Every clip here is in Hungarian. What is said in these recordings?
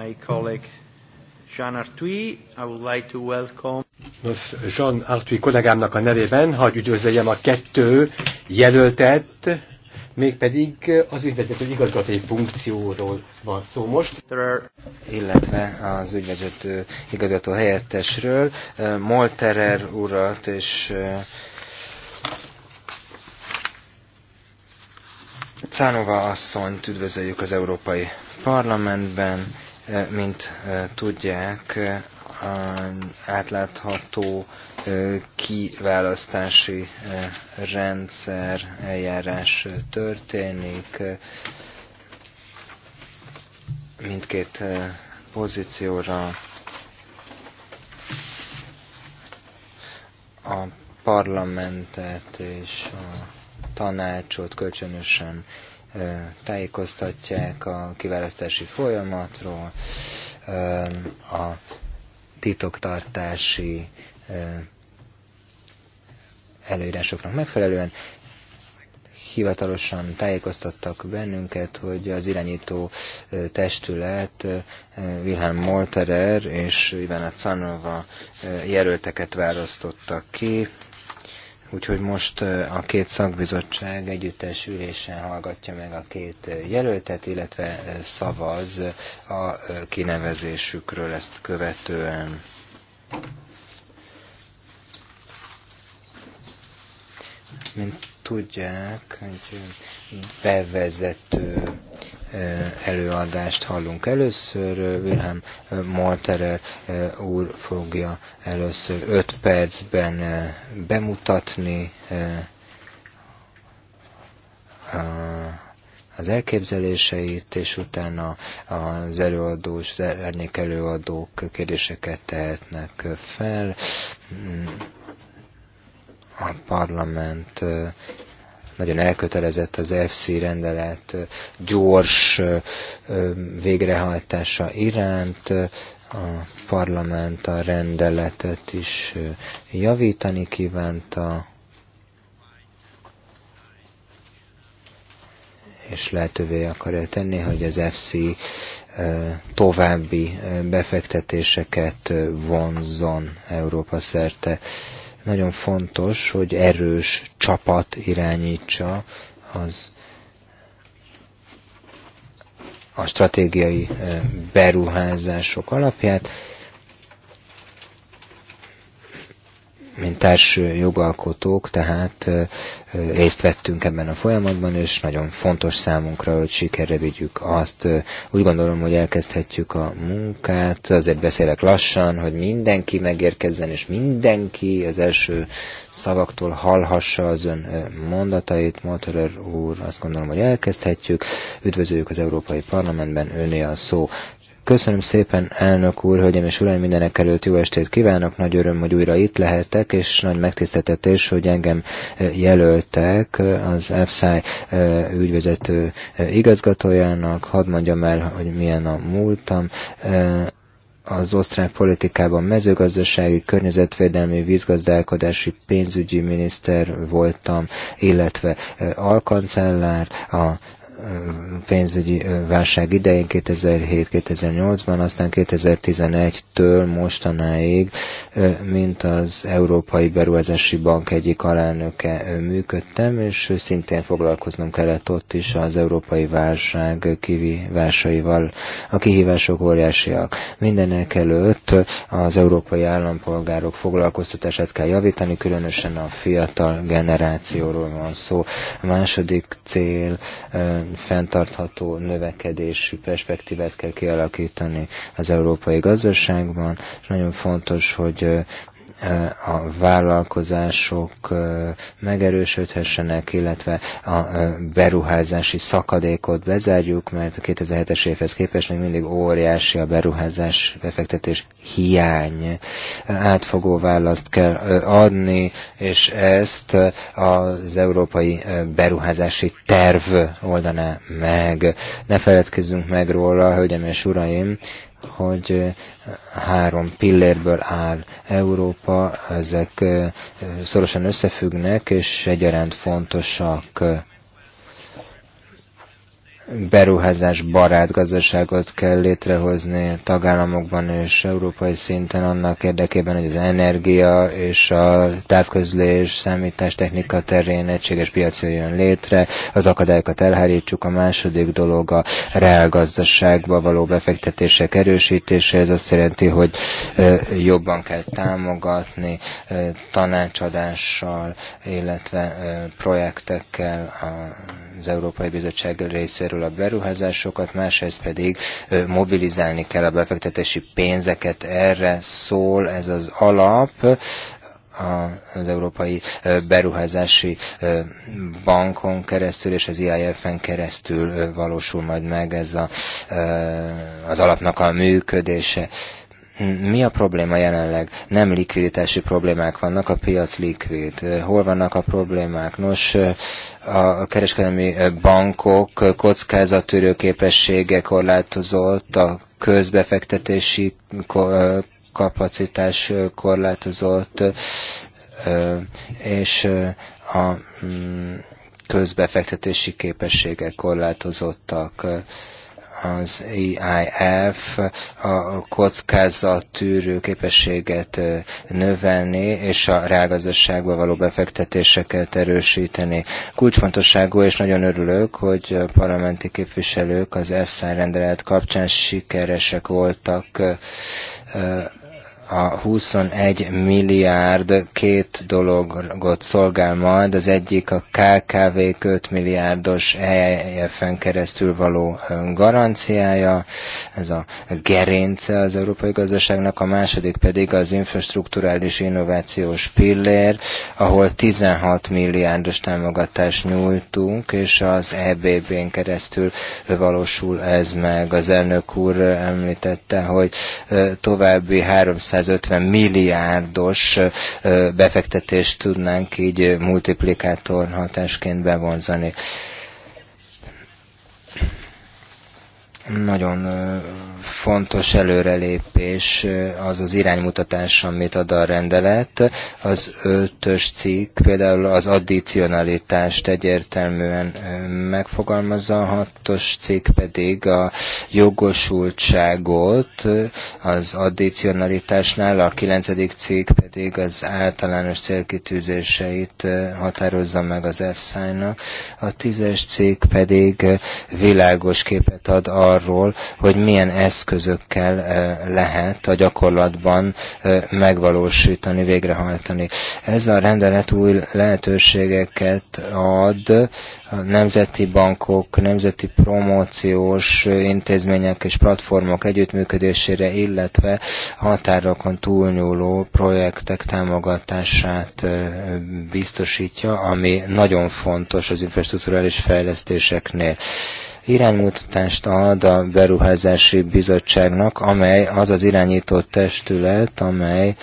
my colleague Jean Artui. I would like to welcome... Nos, Jean Artui kollégámnak a nevében, hagy üdvözöljem a kettő jelöltet, mégpedig az ügyvezető igazgatói funkcióról van szó most. Illetve az ügyvezető igazgató helyettesről, Molterer urat és eh, Cánova asszonyt üdvözöljük az Európai Parlamentben E, mint e, tudják, e, átlátható kiválasztási rendszer eljárás történik. Mindkét pozícióra a parlamentet és a tanácsot kölcsönösen tájékoztatják a kiválasztási folyamatról, a titoktartási előírásoknak megfelelően, hivatalosan tájékoztattak bennünket, hogy az irányító testület Wilhelm Molterer és Ivana Canova jelölteket választottak ki Úgyhogy most a két szakbizottság együttes ülésen hallgatja meg a két jelöltet, illetve szavaz a kinevezésükről ezt követően. Mint tudják, hogy bevezető Eh, előadást hallunk először. Eh, Wilhelm eh, Molterer úr fogja először 5 percben bemutatni az elképzeléseit, és utána az előadós, az ernék előadók kérdéseket tehetnek fel. Mm, a parlament nagyon elkötelezett az FC rendelet gyors végrehajtása iránt, a parlament a rendeletet is javítani kívánta, és lehetővé akarja tenni, hogy az FC további befektetéseket vonzon Európa szerte. Nagyon fontos, hogy erős csapat irányítsa az a stratégiai beruházások alapját, mint társ jogalkotók, tehát részt vettünk ebben a folyamatban, és nagyon fontos számunkra, hogy sikerre vigyük azt. Úgy gondolom, hogy elkezdhetjük a munkát, azért beszélek lassan, hogy mindenki megérkezzen, és mindenki az első szavaktól hallhassa az ön mondatait. Motorer úr, azt gondolom, hogy elkezdhetjük. Üdvözöljük az Európai Parlamentben, öné a szó. Köszönöm szépen, elnök úr, hölgyem és uraim, mindenek előtt jó estét kívánok, nagy öröm, hogy újra itt lehetek, és nagy megtiszteltetés, hogy engem eh, jelöltek az FSI eh, ügyvezető eh, igazgatójának. Hadd mondjam el, hogy milyen a múltam az osztrák politikában mezőgazdasági, környezetvédelmi, vízgazdálkodási, pénzügyi miniszter voltam, illetve alkancellár, a pénzügyi válság idején 2007-2008-ban, aztán 2011-től mostanáig, mint az Európai Beruházási Bank egyik alelnöke működtem, és szintén foglalkoznom kellett ott is az európai válság kihívásaival. A kihívások óriásiak. Mindenek előtt az európai állampolgárok foglalkoztatását kell javítani, különösen a fiatal generációról van szó. A második cél fenntartható növekedésű perspektívát kell kialakítani az európai gazdaságban, és nagyon fontos, hogy a vállalkozások megerősödhessenek, illetve a beruházási szakadékot bezárjuk, mert a 2007-es évhez képest még mindig óriási a beruházás befektetés hiány. Átfogó választ kell adni, és ezt az európai beruházási terv oldaná meg. Ne feledkezzünk meg róla, hölgyem és uraim, hogy három pillérből áll Európa, ezek szorosan összefüggnek és egyaránt fontosak beruházás barát gazdaságot kell létrehozni tagállamokban és európai szinten annak érdekében, hogy az energia és a távközlés, számítástechnika terén egységes piac jön létre, az akadályokat elhárítsuk, a második dolog a reálgazdaságba való befektetések erősítése, ez azt jelenti, hogy jobban kell támogatni tanácsadással, illetve projektekkel a az Európai Bizottság részéről a beruházásokat, másrészt pedig mobilizálni kell a befektetési pénzeket. Erre szól ez az alap, az Európai Beruházási Bankon keresztül és az e IIF-en keresztül valósul majd meg ez a, az alapnak a működése. Mi a probléma jelenleg? Nem likviditási problémák vannak, a piac likvid. Hol vannak a problémák? Nos, a kereskedelmi bankok kockázatűrő képessége korlátozott, a közbefektetési kapacitás korlátozott, és a mm, közbefektetési képességek korlátozottak az EIF a kockázattűrő képességet növelni, és a rágazdaságba való befektetéseket erősíteni. Kulcsfontosságú, és nagyon örülök, hogy a parlamenti képviselők az EFSA rendelet kapcsán sikeresek voltak a 21 milliárd két dologot szolgál majd, az egyik a KKV 5 milliárdos EFN e keresztül való garanciája, ez a gerince az európai gazdaságnak, a második pedig az infrastruktúrális innovációs pillér, ahol 16 milliárdos támogatást nyújtunk, és az EBB-n keresztül valósul ez meg. Az elnök úr említette, hogy további 300 250 milliárdos befektetést tudnánk így multiplikátor hatásként bevonzani. Nagyon fontos előrelépés az az iránymutatás, amit ad a rendelet. Az ötös cikk például az addicionalitást egyértelműen megfogalmazza, a hatos cikk pedig a jogosultságot az addicionalitásnál, a kilencedik cikk pedig az általános célkitűzéseit határozza meg az f nak a tízes cikk pedig világos képet ad a arról, hogy milyen eszközökkel lehet a gyakorlatban megvalósítani, végrehajtani. Ez a rendelet új lehetőségeket ad a nemzeti bankok, nemzeti promóciós intézmények és platformok együttműködésére, illetve határokon túlnyúló projektek támogatását biztosítja, ami nagyon fontos az infrastruktúrális fejlesztéseknél iránymutatást ad a Beruházási Bizottságnak, amely az az irányító testület, amely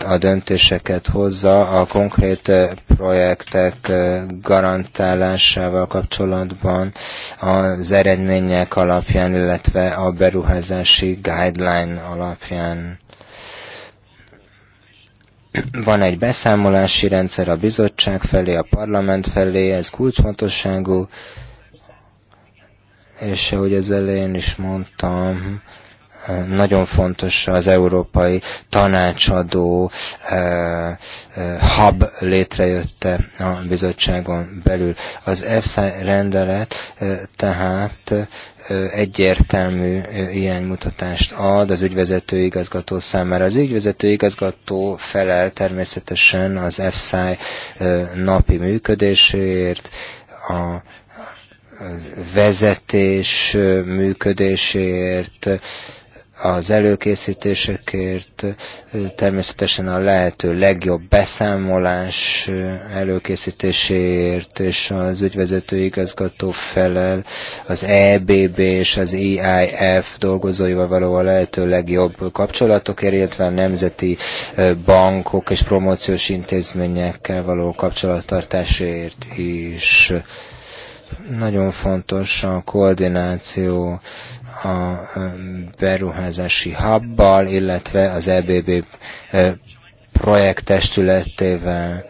eh, a döntéseket hozza a konkrét eh, projektek eh, garantálásával kapcsolatban az eredmények alapján, illetve a beruházási guideline alapján. Van egy beszámolási rendszer a bizottság felé, a parlament felé, ez kulcsfontosságú, és ahogy az elején is mondtam, eh, nagyon fontos az európai tanácsadó eh, eh, hub létrejötte a bizottságon belül. Az EFSA rendelet eh, tehát eh, egyértelmű iránymutatást ad az ügyvezető igazgató számára. Az ügyvezető igazgató felel természetesen az EFSA napi működéséért, a vezetés működéséért, az előkészítésekért, természetesen a lehető legjobb beszámolás előkészítéséért, és az ügyvezető igazgató felel az EBB és az EIF dolgozóival való a lehető legjobb kapcsolatokért, illetve a nemzeti bankok és promóciós intézményekkel való kapcsolattartásért is. Nagyon fontos a koordináció a beruházási hubbal, illetve az EBB e, projekttestületével.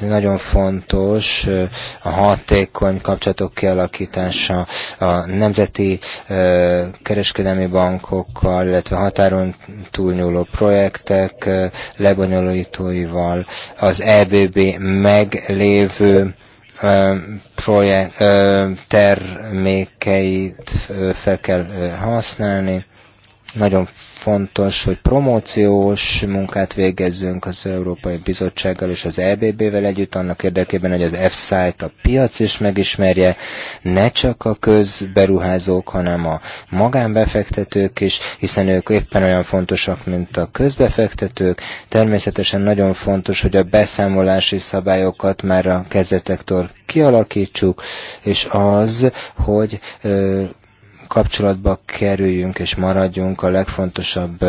Nagyon fontos e, a hatékony kapcsolatok kialakítása a nemzeti e, kereskedelmi bankokkal, illetve határon túlnyúló projektek lebonyolítóival, az EBB meglévő projekt, termékeit fel kell használni. Nagyon fontos, hogy promóciós munkát végezzünk az Európai Bizottsággal és az EBB-vel együtt, annak érdekében, hogy az F-Site a piac is megismerje, ne csak a közberuházók, hanem a magánbefektetők is, hiszen ők éppen olyan fontosak, mint a közbefektetők. Természetesen nagyon fontos, hogy a beszámolási szabályokat már a kezdetektől kialakítsuk, és az, hogy kapcsolatba kerüljünk és maradjunk a legfontosabb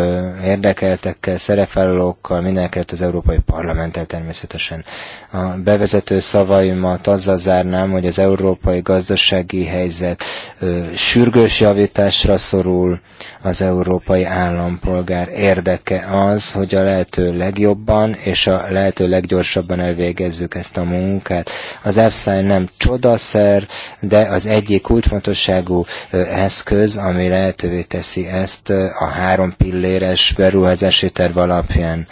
érdekeltekkel, szerepvállalókkal, mindenkelt az Európai Parlamenttel természetesen. A bevezető szavaimat azzal zárnám, hogy az európai gazdasági helyzet sürgős javításra szorul, az európai állampolgár érdeke az, hogy a lehető legjobban és a lehető leggyorsabban elvégezzük ezt a munkát. Az EFSA nem csodaszer, de az egyik kulcsfontosságú eszköz, ami lehetővé teszi ezt a három pilléres beruházási terv alapján.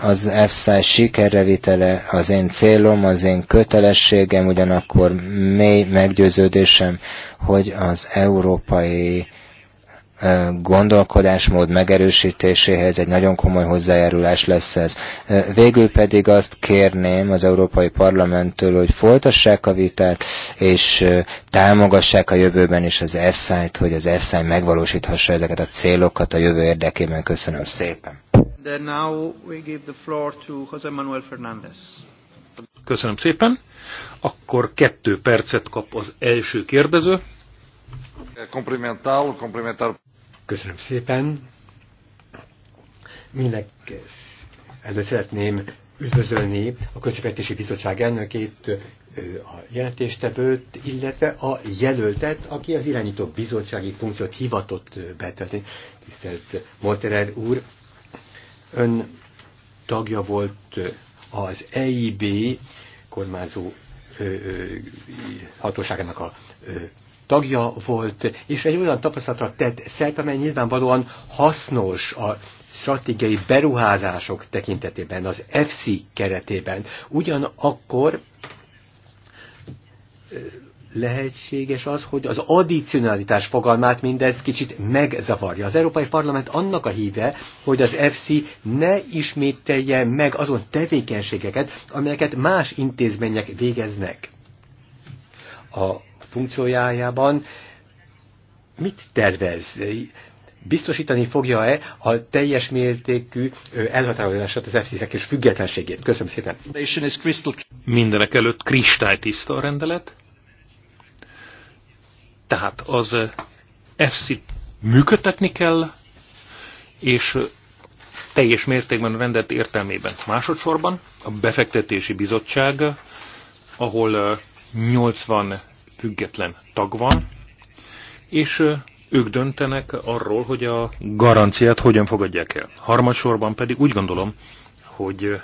Az EFSA sikerrevitele az én célom, az én kötelességem, ugyanakkor mély meggyőződésem, hogy az európai gondolkodásmód megerősítéséhez egy nagyon komoly hozzájárulás lesz ez. Végül pedig azt kérném az Európai Parlamenttől, hogy folytassák a vitát, és támogassák a jövőben is az f t hogy az EFSA megvalósíthassa ezeket a célokat a jövő érdekében. Köszönöm szépen. Köszönöm szépen. Akkor kettő percet kap az első kérdező. Komplimentál, komplimentál. Köszönöm szépen. Mindenk előtt szeretném üdvözölni a Költségvetési Bizottság elnökét, a jelentéstevőt, illetve a jelöltet, aki az irányító bizottsági funkciót hivatott betölteni. Tisztelt Molterer úr, ön tagja volt az EIB kormányzó hatóságának a tagja volt, és egy olyan tapasztalatra tett szert, amely nyilvánvalóan hasznos a stratégiai beruházások tekintetében, az FC keretében. Ugyanakkor lehetséges az, hogy az addicionalitás fogalmát mindez kicsit megzavarja. Az Európai Parlament annak a híve, hogy az FC ne ismételje meg azon tevékenységeket, amelyeket más intézmények végeznek. A funkciójájában mit tervez? Biztosítani fogja-e a teljes mértékű elhatározását az FCC-ek és függetlenségét? Köszönöm szépen. Mindenek előtt kristálytiszta a rendelet. Tehát az fc működtetni kell, és teljes mértékben rendelt értelmében. Másodszorban a befektetési bizottság, ahol 80 független tag van, és ők döntenek arról, hogy a garanciát hogyan fogadják el. Harmadsorban pedig úgy gondolom, hogy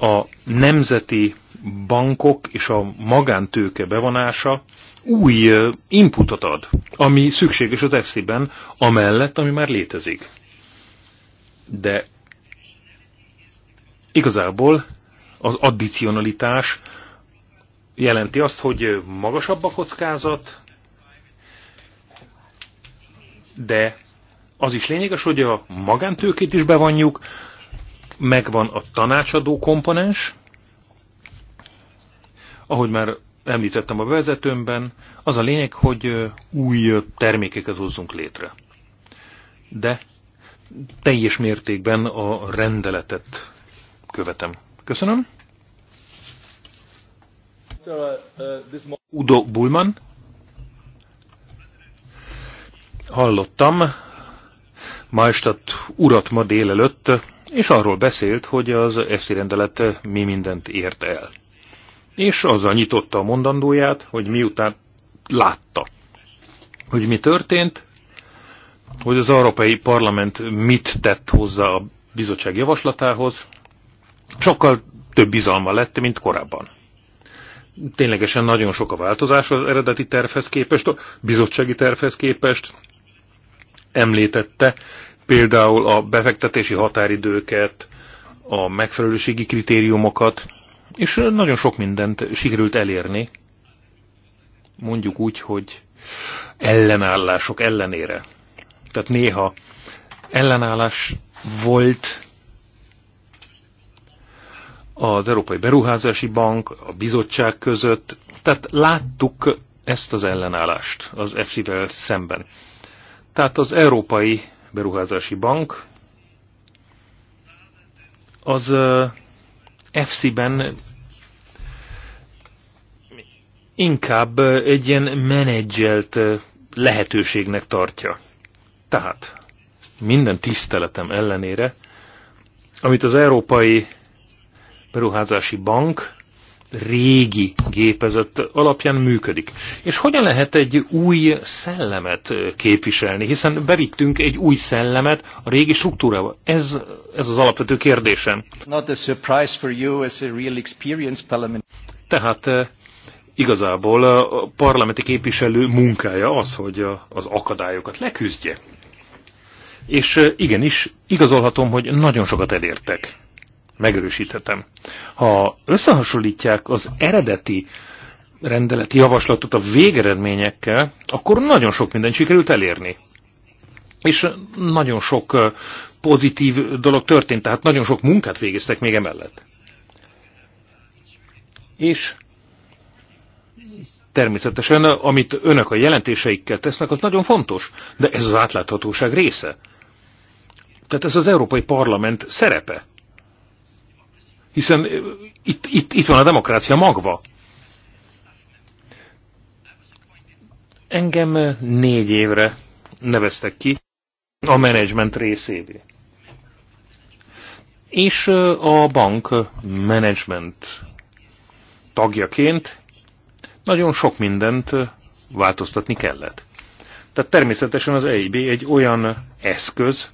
a nemzeti bankok és a magántőke bevonása új inputot ad, ami szükséges az fc ben amellett, ami már létezik. De igazából az addicionalitás jelenti azt, hogy magasabb a kockázat, de az is lényeges, hogy a magántőkét is bevonjuk, megvan a tanácsadó komponens, ahogy már említettem a vezetőmben, az a lényeg, hogy új termékeket hozzunk létre. De teljes mértékben a rendeletet követem. Köszönöm. Udo Bullman. Hallottam Majstadt urat ma délelőtt, és arról beszélt, hogy az ESZI rendelet mi mindent ért el. És azzal nyitotta a mondandóját, hogy miután látta, hogy mi történt, hogy az Európai Parlament mit tett hozzá a bizottság javaslatához, sokkal több bizalma lett, mint korábban ténylegesen nagyon sok a változás az eredeti tervhez képest, a bizottsági tervhez képest. Említette például a befektetési határidőket, a megfelelőségi kritériumokat, és nagyon sok mindent sikerült elérni, mondjuk úgy, hogy ellenállások ellenére. Tehát néha ellenállás volt, az Európai Beruházási Bank, a bizottság között. Tehát láttuk ezt az ellenállást az EFSI-vel szemben. Tehát az Európai Beruházási Bank az EFSI-ben inkább egy ilyen menedzselt lehetőségnek tartja. Tehát minden tiszteletem ellenére, amit az Európai beruházási bank régi gépezet alapján működik. És hogyan lehet egy új szellemet képviselni, hiszen bevittünk egy új szellemet a régi struktúrába. Ez, ez az alapvető kérdésem. Not a surprise for you as a real experience, parliament. Tehát eh, igazából eh, a parlamenti képviselő munkája az, hogy eh, az akadályokat leküzdje. És igenis, igazolhatom, hogy nagyon sokat elértek megerősíthetem. Ha összehasonlítják az eredeti rendeleti javaslatot a végeredményekkel, akkor nagyon sok mindent sikerült elérni. És nagyon sok pozitív dolog történt, tehát nagyon sok munkát végeztek még emellett. És természetesen, amit önök a jelentéseikkel tesznek, az nagyon fontos, de ez az átláthatóság része. Tehát ez az Európai Parlament szerepe. Hiszen itt, itt, itt van a demokrácia magva. Engem négy évre neveztek ki a menedzsment részévé. És a bank menedzsment tagjaként nagyon sok mindent változtatni kellett. Tehát természetesen az EIB egy olyan eszköz,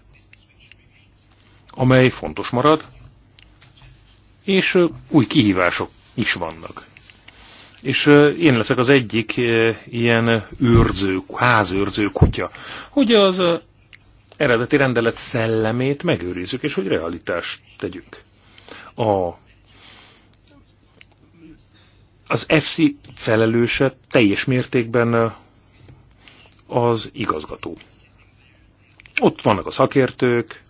amely fontos marad, és új kihívások is vannak. És én leszek az egyik ilyen őrző, házőrző kutya, hogy az eredeti rendelet szellemét megőrizzük, és hogy realitást tegyünk. A, az FC felelőse teljes mértékben az igazgató. Ott vannak a szakértők,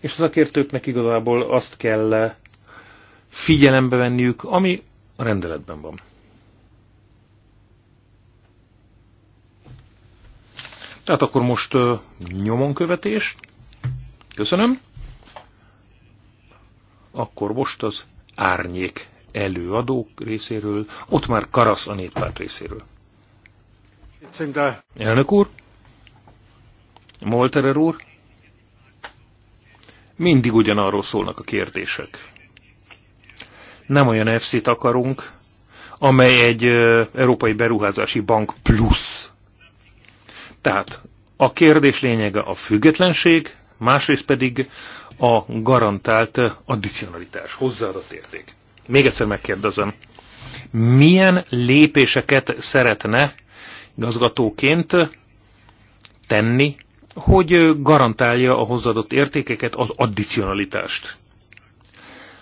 és a szakértőknek igazából azt kell figyelembe venniük, ami a rendeletben van. Tehát akkor most nyomon követés. Köszönöm. Akkor most az árnyék előadók részéről, ott már Karasz a néppárt részéről. Elnök úr, Molterer úr, mindig ugyanarról szólnak a kérdések nem olyan fc t akarunk, amely egy Európai Beruházási Bank plusz. Tehát a kérdés lényege a függetlenség, másrészt pedig a garantált addicionalitás, hozzáadott érték. Még egyszer megkérdezem, milyen lépéseket szeretne igazgatóként tenni, hogy garantálja a hozzáadott értékeket, az addicionalitást?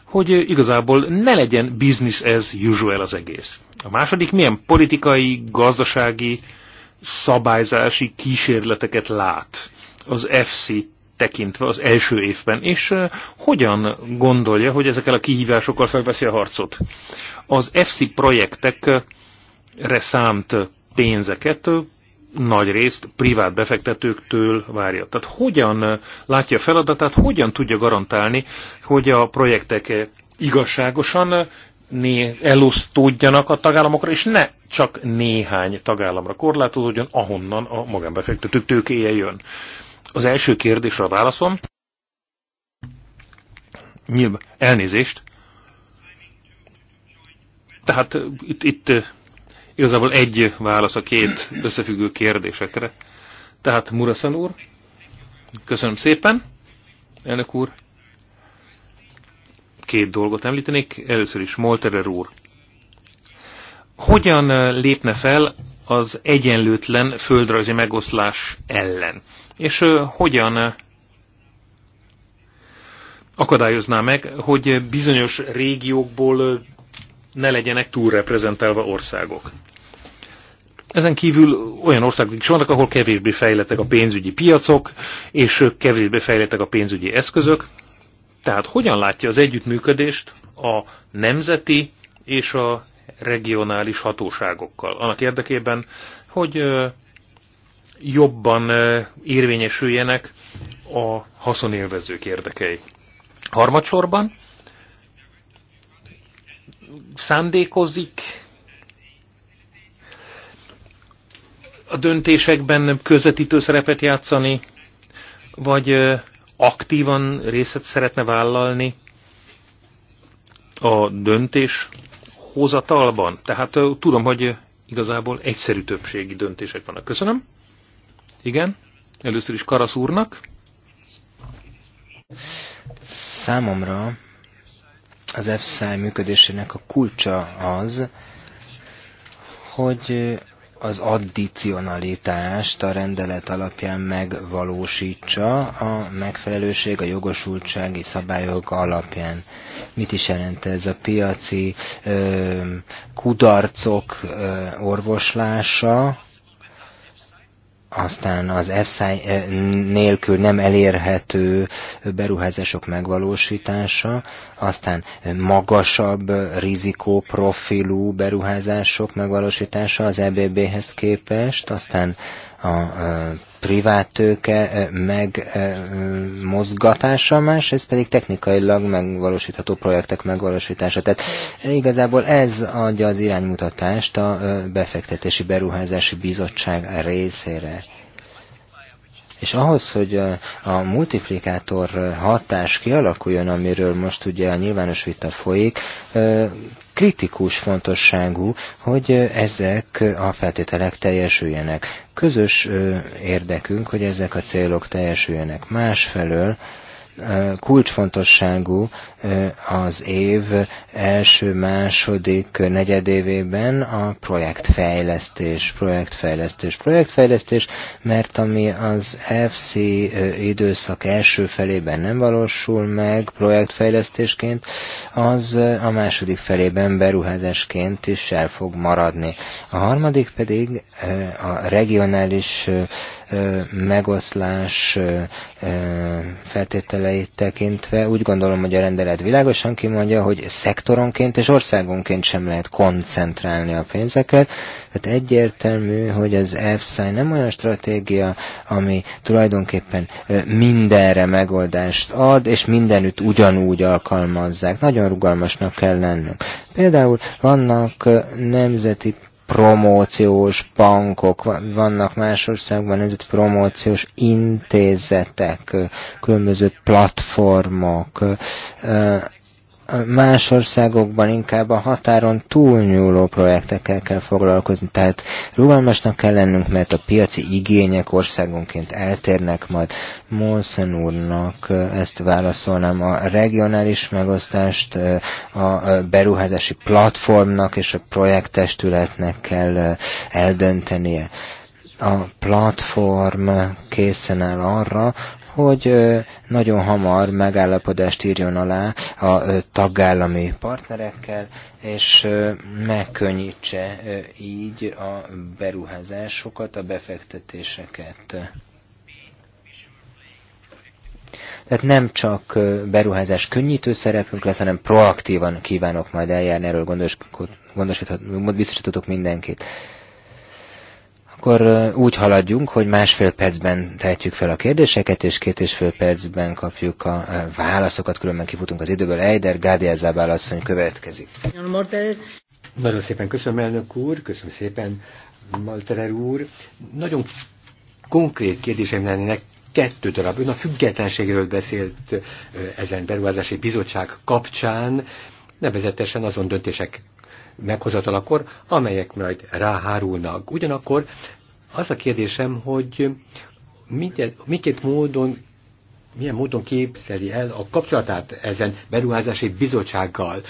hogy igazából ne legyen business as usual az egész. A második milyen politikai, gazdasági, szabályzási kísérleteket lát az FC tekintve az első évben, és hogyan gondolja, hogy ezekkel a kihívásokkal felveszi a harcot? Az FC projektekre szánt pénzeket nagy részt privát befektetőktől várja. Tehát hogyan eh, látja a feladatát, hogyan tudja garantálni, hogy a projektek eh, igazságosan eh, elosztódjanak a tagállamokra, és ne csak néhány tagállamra korlátozódjon, ahonnan a magánbefektetők tőkéje jön. Az első kérdésre a válaszom. Nyilván, elnézést. Tehát itt, itt Igazából egy válasz a két összefüggő kérdésekre. Tehát Muraszan úr, köszönöm szépen, elnök úr. Két dolgot említenék, először is Molterer úr. Hogyan lépne fel az egyenlőtlen földrajzi megoszlás ellen? És hogyan akadályozná meg, hogy bizonyos régiókból ne legyenek túlreprezentálva országok. Ezen kívül olyan országok is vannak, ahol kevésbé fejlettek a pénzügyi piacok, és kevésbé fejlettek a pénzügyi eszközök. Tehát hogyan látja az együttműködést a nemzeti és a regionális hatóságokkal? Annak érdekében, hogy jobban érvényesüljenek a haszonélvezők érdekei. Harmadsorban szándékozik a döntésekben közvetítő szerepet játszani, vagy aktívan részt szeretne vállalni a döntés hozatalban. Tehát tudom, hogy igazából egyszerű többségi döntések vannak. Köszönöm. Igen. Először is Karasz úrnak. Számomra az EFSZÁJ működésének a kulcsa az, hogy az addicionalitást a rendelet alapján megvalósítsa a megfelelőség a jogosultsági szabályok alapján. Mit is jelent ez a piaci ö, kudarcok ö, orvoslása? aztán az EFSA eh, nélkül nem elérhető beruházások megvalósítása, aztán magasabb rizikóprofilú beruházások megvalósítása az EBB-hez képest, aztán a privát tőke e, megmozgatása, e, e, másrészt pedig technikailag megvalósítható projektek megvalósítása. Tehát igazából ez adja az iránymutatást a befektetési beruházási bizottság részére. És ahhoz, hogy a multiplikátor hatás kialakuljon, amiről most ugye a nyilvános vita folyik, kritikus fontosságú, hogy ezek a feltételek teljesüljenek. Közös érdekünk, hogy ezek a célok teljesüljenek. Másfelől, kulcsfontosságú az év első, második negyedévében a projektfejlesztés, projektfejlesztés, projektfejlesztés, mert ami az FC időszak első felében nem valósul meg projektfejlesztésként, az a második felében beruházásként is el fog maradni. A harmadik pedig a regionális megoszlás feltételeit tekintve úgy gondolom, hogy a rendelet világosan kimondja, hogy szektoronként és országonként sem lehet koncentrálni a pénzeket. Tehát egyértelmű, hogy az EFSI nem olyan stratégia, ami tulajdonképpen mindenre megoldást ad, és mindenütt ugyanúgy alkalmazzák. Nagyon rugalmasnak kell lennünk. Például vannak nemzeti promóciós bankok, vannak más országban ez promóciós intézetek, különböző platformok, más országokban inkább a határon túlnyúló projektekkel kell foglalkozni, tehát rugalmasnak kell lennünk, mert a piaci igények országonként eltérnek majd. Molszen úrnak ezt válaszolnám, a regionális megosztást a beruházási platformnak és a projekttestületnek kell eldöntenie a platform készen áll arra, hogy nagyon hamar megállapodást írjon alá a tagállami partnerekkel, és megkönnyítse így a beruházásokat, a befektetéseket. Tehát nem csak beruházás könnyítő szerepünk lesz, hanem proaktívan kívánok majd eljárni, erről gondos, gondos, biztosítotok mindenkit akkor úgy haladjunk, hogy másfél percben tehetjük fel a kérdéseket, és két és fél percben kapjuk a válaszokat, különben kifutunk az időből. Eider Gádiel Zábál asszony következik. Nagyon szépen köszönöm, elnök úr, köszönöm szépen, Malterer úr. Nagyon konkrét kérdéseim lennének kettő darab. Ön a függetlenségről beszélt ezen beruházási bizottság kapcsán, nevezetesen azon döntések meghozatalakor, amelyek majd ráhárulnak. Ugyanakkor az a kérdésem, hogy minden, miként módon milyen módon képzeli el a kapcsolatát ezen beruházási bizottsággal?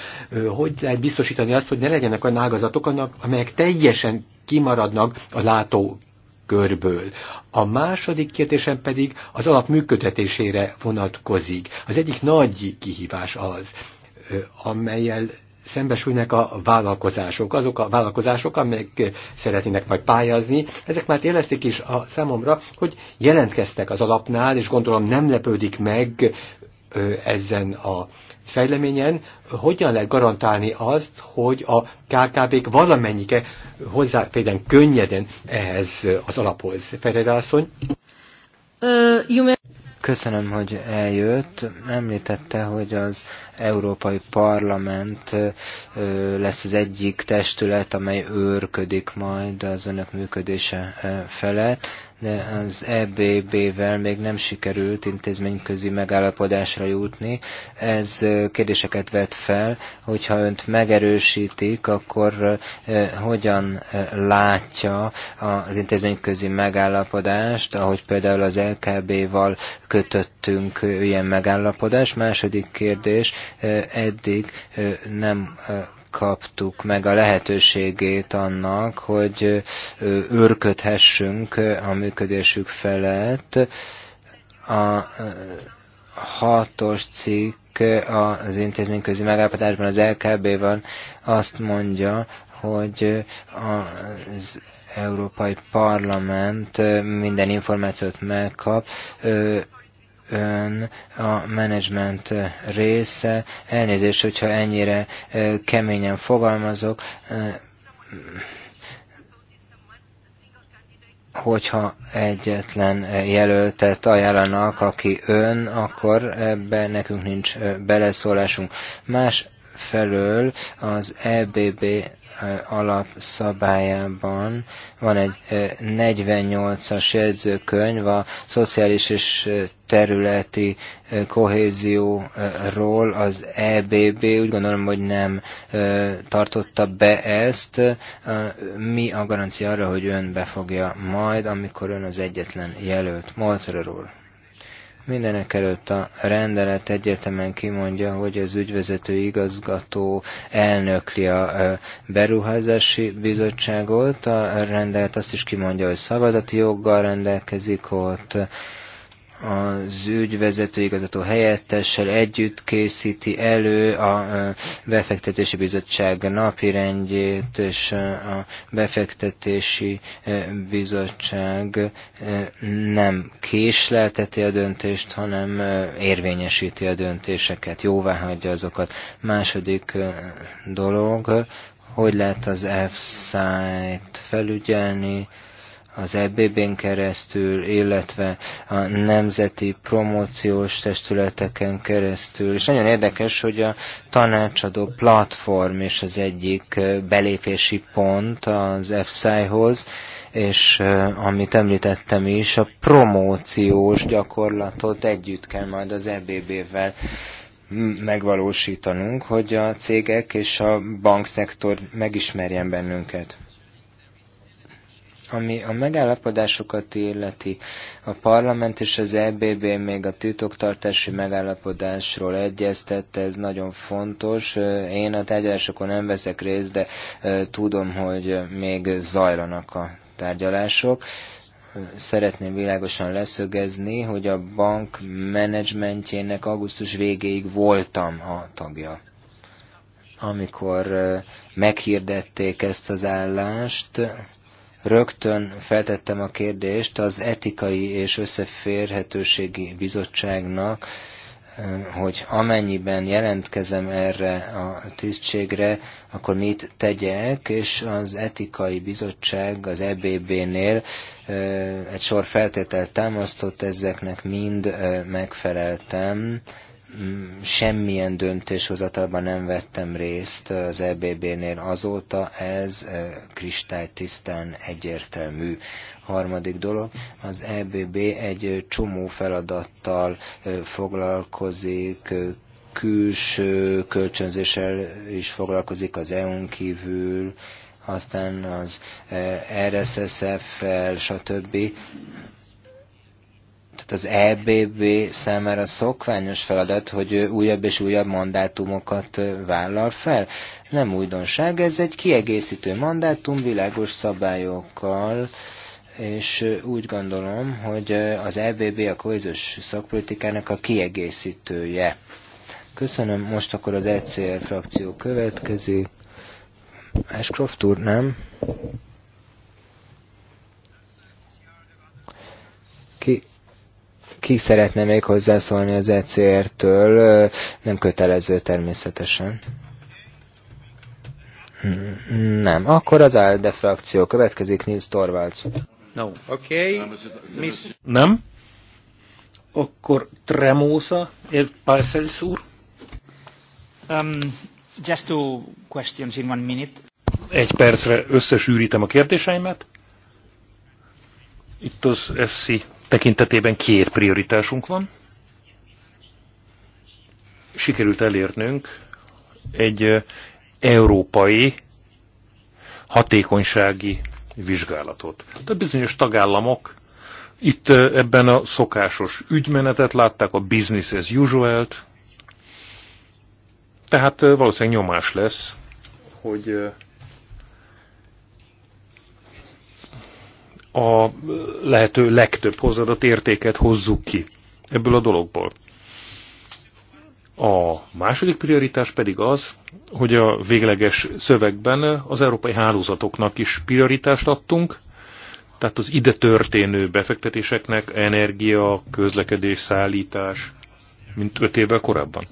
Hogy lehet biztosítani azt, hogy ne legyenek olyan ágazatok, annak, amelyek teljesen kimaradnak a látó körből. A második kérdésem pedig az alap működtetésére vonatkozik. Az egyik nagy kihívás az, amelyel szembesülnek a vállalkozások. Azok a vállalkozások, amelyek szeretnének majd pályázni, ezek már élesztik is a számomra, hogy jelentkeztek az alapnál, és gondolom nem lepődik meg ezen a fejleményen, hogyan lehet garantálni azt, hogy a KKV-k valamennyike hozzáférjen könnyeden ehhez az alaphoz. Ferreira asszony? Köszönöm, hogy eljött. Említette, hogy az Európai Parlament lesz az egyik testület, amely őrködik majd az önök működése felett de az EBB-vel még nem sikerült intézményközi megállapodásra jutni. Ez kérdéseket vet fel, hogyha önt megerősítik, akkor hogyan látja az intézményközi megállapodást, ahogy például az LKB-val kötöttünk ilyen megállapodást. Második kérdés, eddig nem kaptuk meg a lehetőségét annak, hogy őrködhessünk a működésük felett. A hatos cikk az intézményközi megállapodásban az LKB-ban azt mondja, hogy az Európai Parlament minden információt megkap, ön a menedzsment része. Elnézést, hogyha ennyire keményen fogalmazok, hogyha egyetlen jelöltet ajánlanak, aki ön, akkor ebbe nekünk nincs beleszólásunk. Más felől az EBB alapszabályában van egy 48-as jegyzőkönyv a szociális és területi kohézióról az EBB. Úgy gondolom, hogy nem tartotta be ezt. Mi a garancia arra, hogy ön befogja majd, amikor ön az egyetlen jelölt? Molterer úr. Mindenek előtt a rendelet egyértelműen kimondja, hogy az ügyvezető igazgató elnökli a beruházási bizottságot. A rendelet azt is kimondja, hogy szavazati joggal rendelkezik ott, az ügyvezető igazgató helyettessel együtt készíti elő a befektetési bizottság napirendjét, és a befektetési e, bizottság e, nem késlelteti a döntést, hanem e, érvényesíti a döntéseket, jóváhagyja azokat. Második dolog, hogy lehet az f t felügyelni, az EBB-n keresztül, illetve a nemzeti promóciós testületeken keresztül. És nagyon érdekes, hogy a tanácsadó platform és az egyik belépési pont az EFSAI-hoz, és amit említettem is, a promóciós gyakorlatot együtt kell majd az EBB-vel megvalósítanunk, hogy a cégek és a bankszektor megismerjen bennünket. Ami a megállapodásokat illeti, a parlament és az EBB még a titoktartási megállapodásról egyeztette, ez nagyon fontos. Én a tárgyalásokon nem veszek részt, de tudom, hogy még zajlanak a tárgyalások szeretném világosan leszögezni, hogy a bank menedzsmentjének augusztus végéig voltam a tagja. Amikor meghirdették ezt az állást, Rögtön feltettem a kérdést az Etikai és Összeférhetőségi Bizottságnak, hogy amennyiben jelentkezem erre a tisztségre, akkor mit tegyek, és az etikai bizottság az EBB-nél egy sor feltételt támasztott, ezeknek mind megfeleltem semmilyen döntéshozatalban nem vettem részt az EBB-nél azóta, ez kristálytisztán egyértelmű. Harmadik dolog, az EBB egy csomó feladattal foglalkozik, külső kölcsönzéssel is foglalkozik az EU-n kívül, aztán az RSSF-fel, stb. Tehát az EBB számára szokványos feladat, hogy újabb és újabb mandátumokat vállal fel. Nem újdonság, ez egy kiegészítő mandátum világos szabályokkal, és úgy gondolom, hogy az EBB a kohézős szakpolitikának a kiegészítője. Köszönöm, most akkor az ECR frakció következik. Ashcroft úr, nem? Ki ki szeretne még hozzászólni az ECR-től? Nem kötelező természetesen. Hmm, nem. Akkor az ALDE frakció következik, Nils Torvalds. No. Oké. Okay. Nem? Akkor Tremósa, Parcels úr? Um, just two questions in one minute. Egy percre összesűrítem a kérdéseimet. Itt az FC tekintetében két prioritásunk van. Sikerült elérnünk egy európai hatékonysági vizsgálatot. De bizonyos tagállamok itt ebben a szokásos ügymenetet látták, a business as usual-t, tehát valószínűleg nyomás lesz, hogy a lehető legtöbb hozzáadott értéket hozzuk ki ebből a dologból. A második prioritás pedig az, hogy a végleges szövegben az európai hálózatoknak is prioritást adtunk, tehát az ide történő befektetéseknek energia, közlekedés, szállítás, mint öt évvel korábban.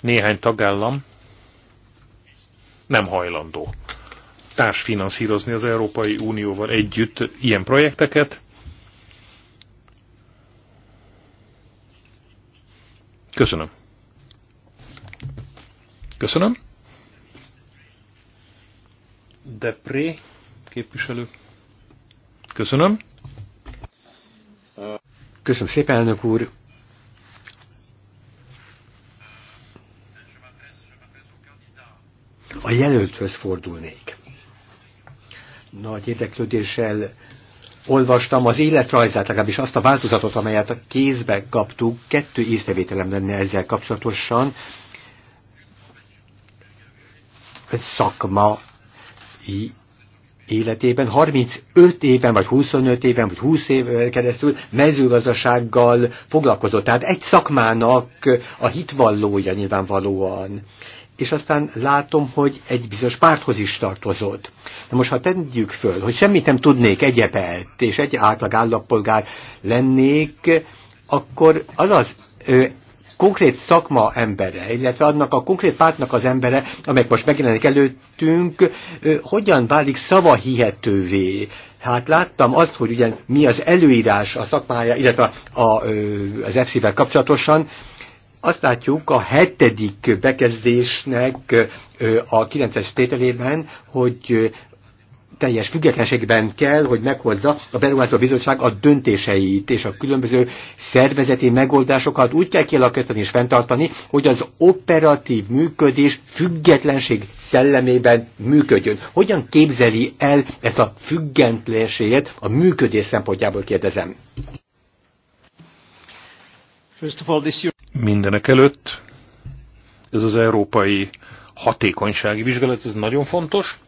Néhány tagállam nem hajlandó társfinanszírozni az Európai Unióval együtt ilyen projekteket. Köszönöm. Köszönöm. Depré képviselő. Köszönöm. Köszönöm szépen, elnök úr. A jelölthöz fordulnék nagy érdeklődéssel olvastam az életrajzát, legalábbis azt a változatot, amelyet a kézbe kaptuk. Kettő észrevételem lenne ezzel kapcsolatosan. Szakma életében, 35 éven, vagy 25 éven, vagy 20 év keresztül mezőgazdasággal foglalkozott. Tehát egy szakmának a hitvallója nyilvánvalóan és aztán látom, hogy egy bizonyos párthoz is tartozod. Na most, ha tegyük föl, hogy semmit nem tudnék egyebelt, és egy átlag állampolgár lennék, akkor az az ö, konkrét szakma embere, illetve annak a konkrét pártnak az embere, amelyek most megjelenik előttünk, ö, hogyan válik szava hihetővé, hát láttam azt, hogy ugye mi az előírás a szakmája, illetve a, a, az EFSZ-vel kapcsolatosan, azt látjuk a hetedik bekezdésnek a kilences tételében, hogy teljes függetlenségben kell, hogy meghozza a beruházó bizottság a döntéseit és a különböző szervezeti megoldásokat úgy kell kialakítani és fenntartani, hogy az operatív működés függetlenség szellemében működjön. Hogyan képzeli el ezt a függetlenséget a működés szempontjából kérdezem? First of all, this Mindenek előtt ez az európai hatékonysági vizsgálat, ez nagyon fontos.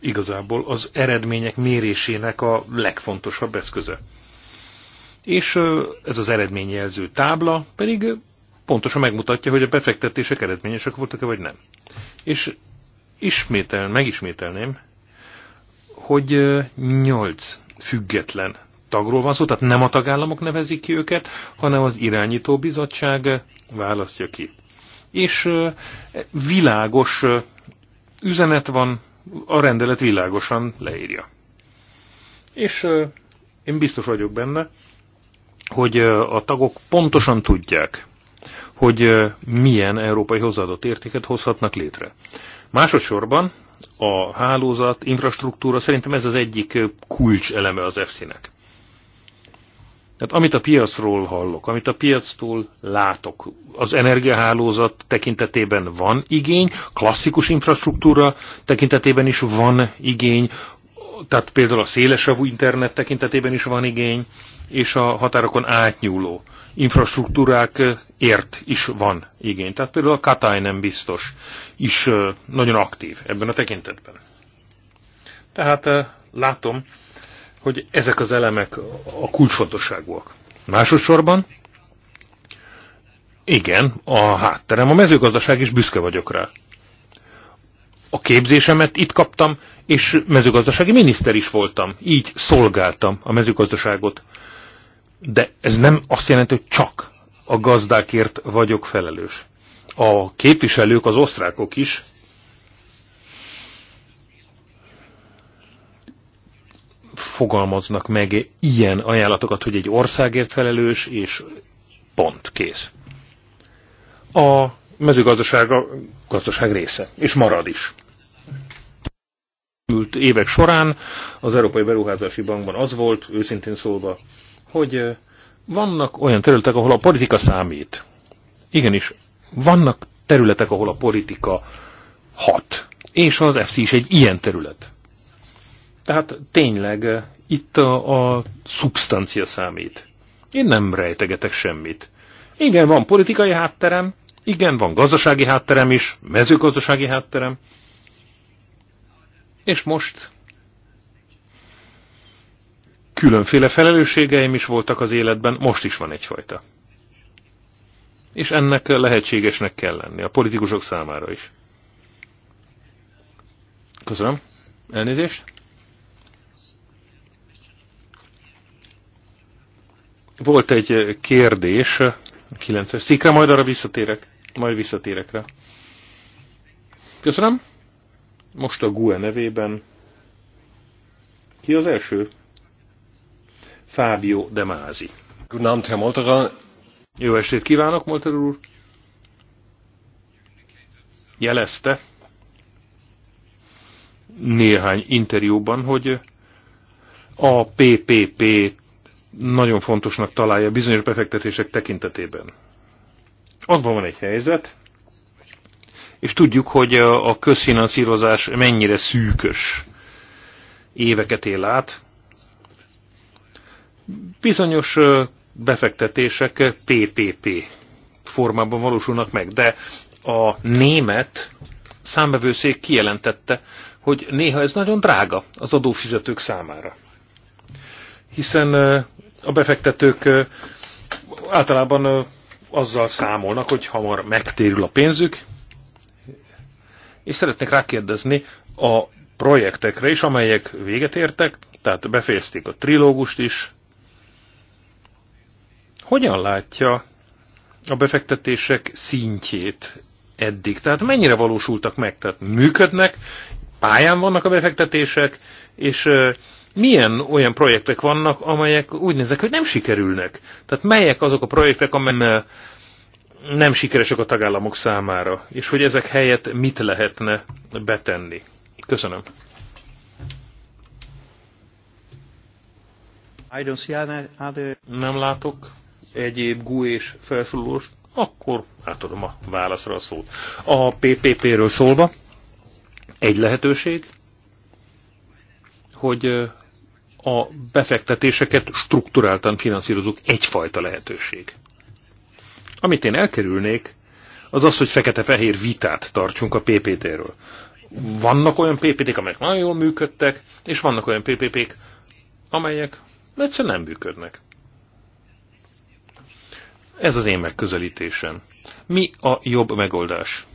Igazából az eredmények mérésének a legfontosabb eszköze. És ez az eredményjelző tábla pedig pontosan megmutatja, hogy a befektetések eredményesek voltak-e vagy nem. És ismétel, megismételném, hogy 8 független tagról van szó, tehát nem a tagállamok nevezik ki őket, hanem az irányító bizottság választja ki. És világos üzenet van, a rendelet világosan leírja. És én biztos vagyok benne, hogy a tagok pontosan tudják, hogy milyen európai hozzáadott értéket hozhatnak létre. Másodszorban a hálózat, infrastruktúra, szerintem ez az egyik kulcseleme az EFSZ-nek. Tehát amit a piacról hallok, amit a piactól látok, az energiahálózat tekintetében van igény, klasszikus infrastruktúra tekintetében is van igény, tehát például a szélesavú internet tekintetében is van igény, és a határokon átnyúló infrastruktúrák eh, ért is van igény. Tehát például a Katály nem biztos is eh, nagyon aktív ebben a tekintetben. Tehát eh, látom, hogy ezek az elemek a kulcsfontosságúak. Másodszorban, igen, a hátterem, a mezőgazdaság is büszke vagyok rá. A képzésemet itt kaptam, és mezőgazdasági miniszter is voltam. Így szolgáltam a mezőgazdaságot. De ez nem azt jelenti, hogy csak a gazdákért vagyok felelős. A képviselők, az osztrákok is fogalmaznak meg ilyen ajánlatokat, hogy egy országért felelős, és pont, kész. A mezőgazdaság a gazdaság része, és marad is. évek során az Európai Beruházási Bankban az volt, őszintén szólva, hogy eh, vannak olyan területek, ahol a politika számít. Igenis, vannak területek, ahol a politika hat. És az FC is egy ilyen terület. Tehát tényleg eh, itt a, a szubstancia számít. Én nem rejtegetek semmit. Igen, van politikai hátterem, igen, van gazdasági hátterem is, mezőgazdasági hátterem. És most különféle felelősségeim is voltak az életben, most is van egyfajta. És ennek lehetségesnek kell lenni, a politikusok számára is. Köszönöm. Elnézést. Volt egy eh, kérdés, a 9-es szikre, majd arra visszatérek, majd visszatérek rá. Köszönöm. Most a GUE nevében. Ki az első? Fábio De Mázi. Jó estét kívánok, Molter úr! Jelezte néhány interjúban, hogy a PPP nagyon fontosnak találja bizonyos befektetések tekintetében. Abban van egy helyzet, és tudjuk, hogy a közfinanszírozás mennyire szűkös éveket él át. Bizonyos befektetések PPP formában valósulnak meg, de a német számbevőszék kijelentette, hogy néha ez nagyon drága az adófizetők számára hiszen a befektetők általában azzal számolnak, hogy hamar megtérül a pénzük, és szeretnék rákérdezni a projektekre is, amelyek véget értek, tehát befejezték a trilógust is. Hogyan látja a befektetések szintjét eddig? Tehát mennyire valósultak meg? Tehát működnek, pályán vannak a befektetések, és milyen olyan projektek vannak, amelyek úgy néznek, hogy nem sikerülnek? Tehát melyek azok a projektek, amelyek nem sikeresek a tagállamok számára, és hogy ezek helyett mit lehetne betenni? Köszönöm. I don't see other... Nem látok egyéb gú és felszólós, akkor átadom a válaszra a szót. A PPP-ről szólva, egy lehetőség, hogy a befektetéseket strukturáltan finanszírozunk egyfajta lehetőség. Amit én elkerülnék, az az, hogy fekete-fehér vitát tartsunk a PPT-ről. Vannak olyan PPT-k, amelyek nagyon jól működtek, és vannak olyan PPP-k, amelyek egyszerűen nem működnek. Ez az én megközelítésem. Mi a jobb megoldás?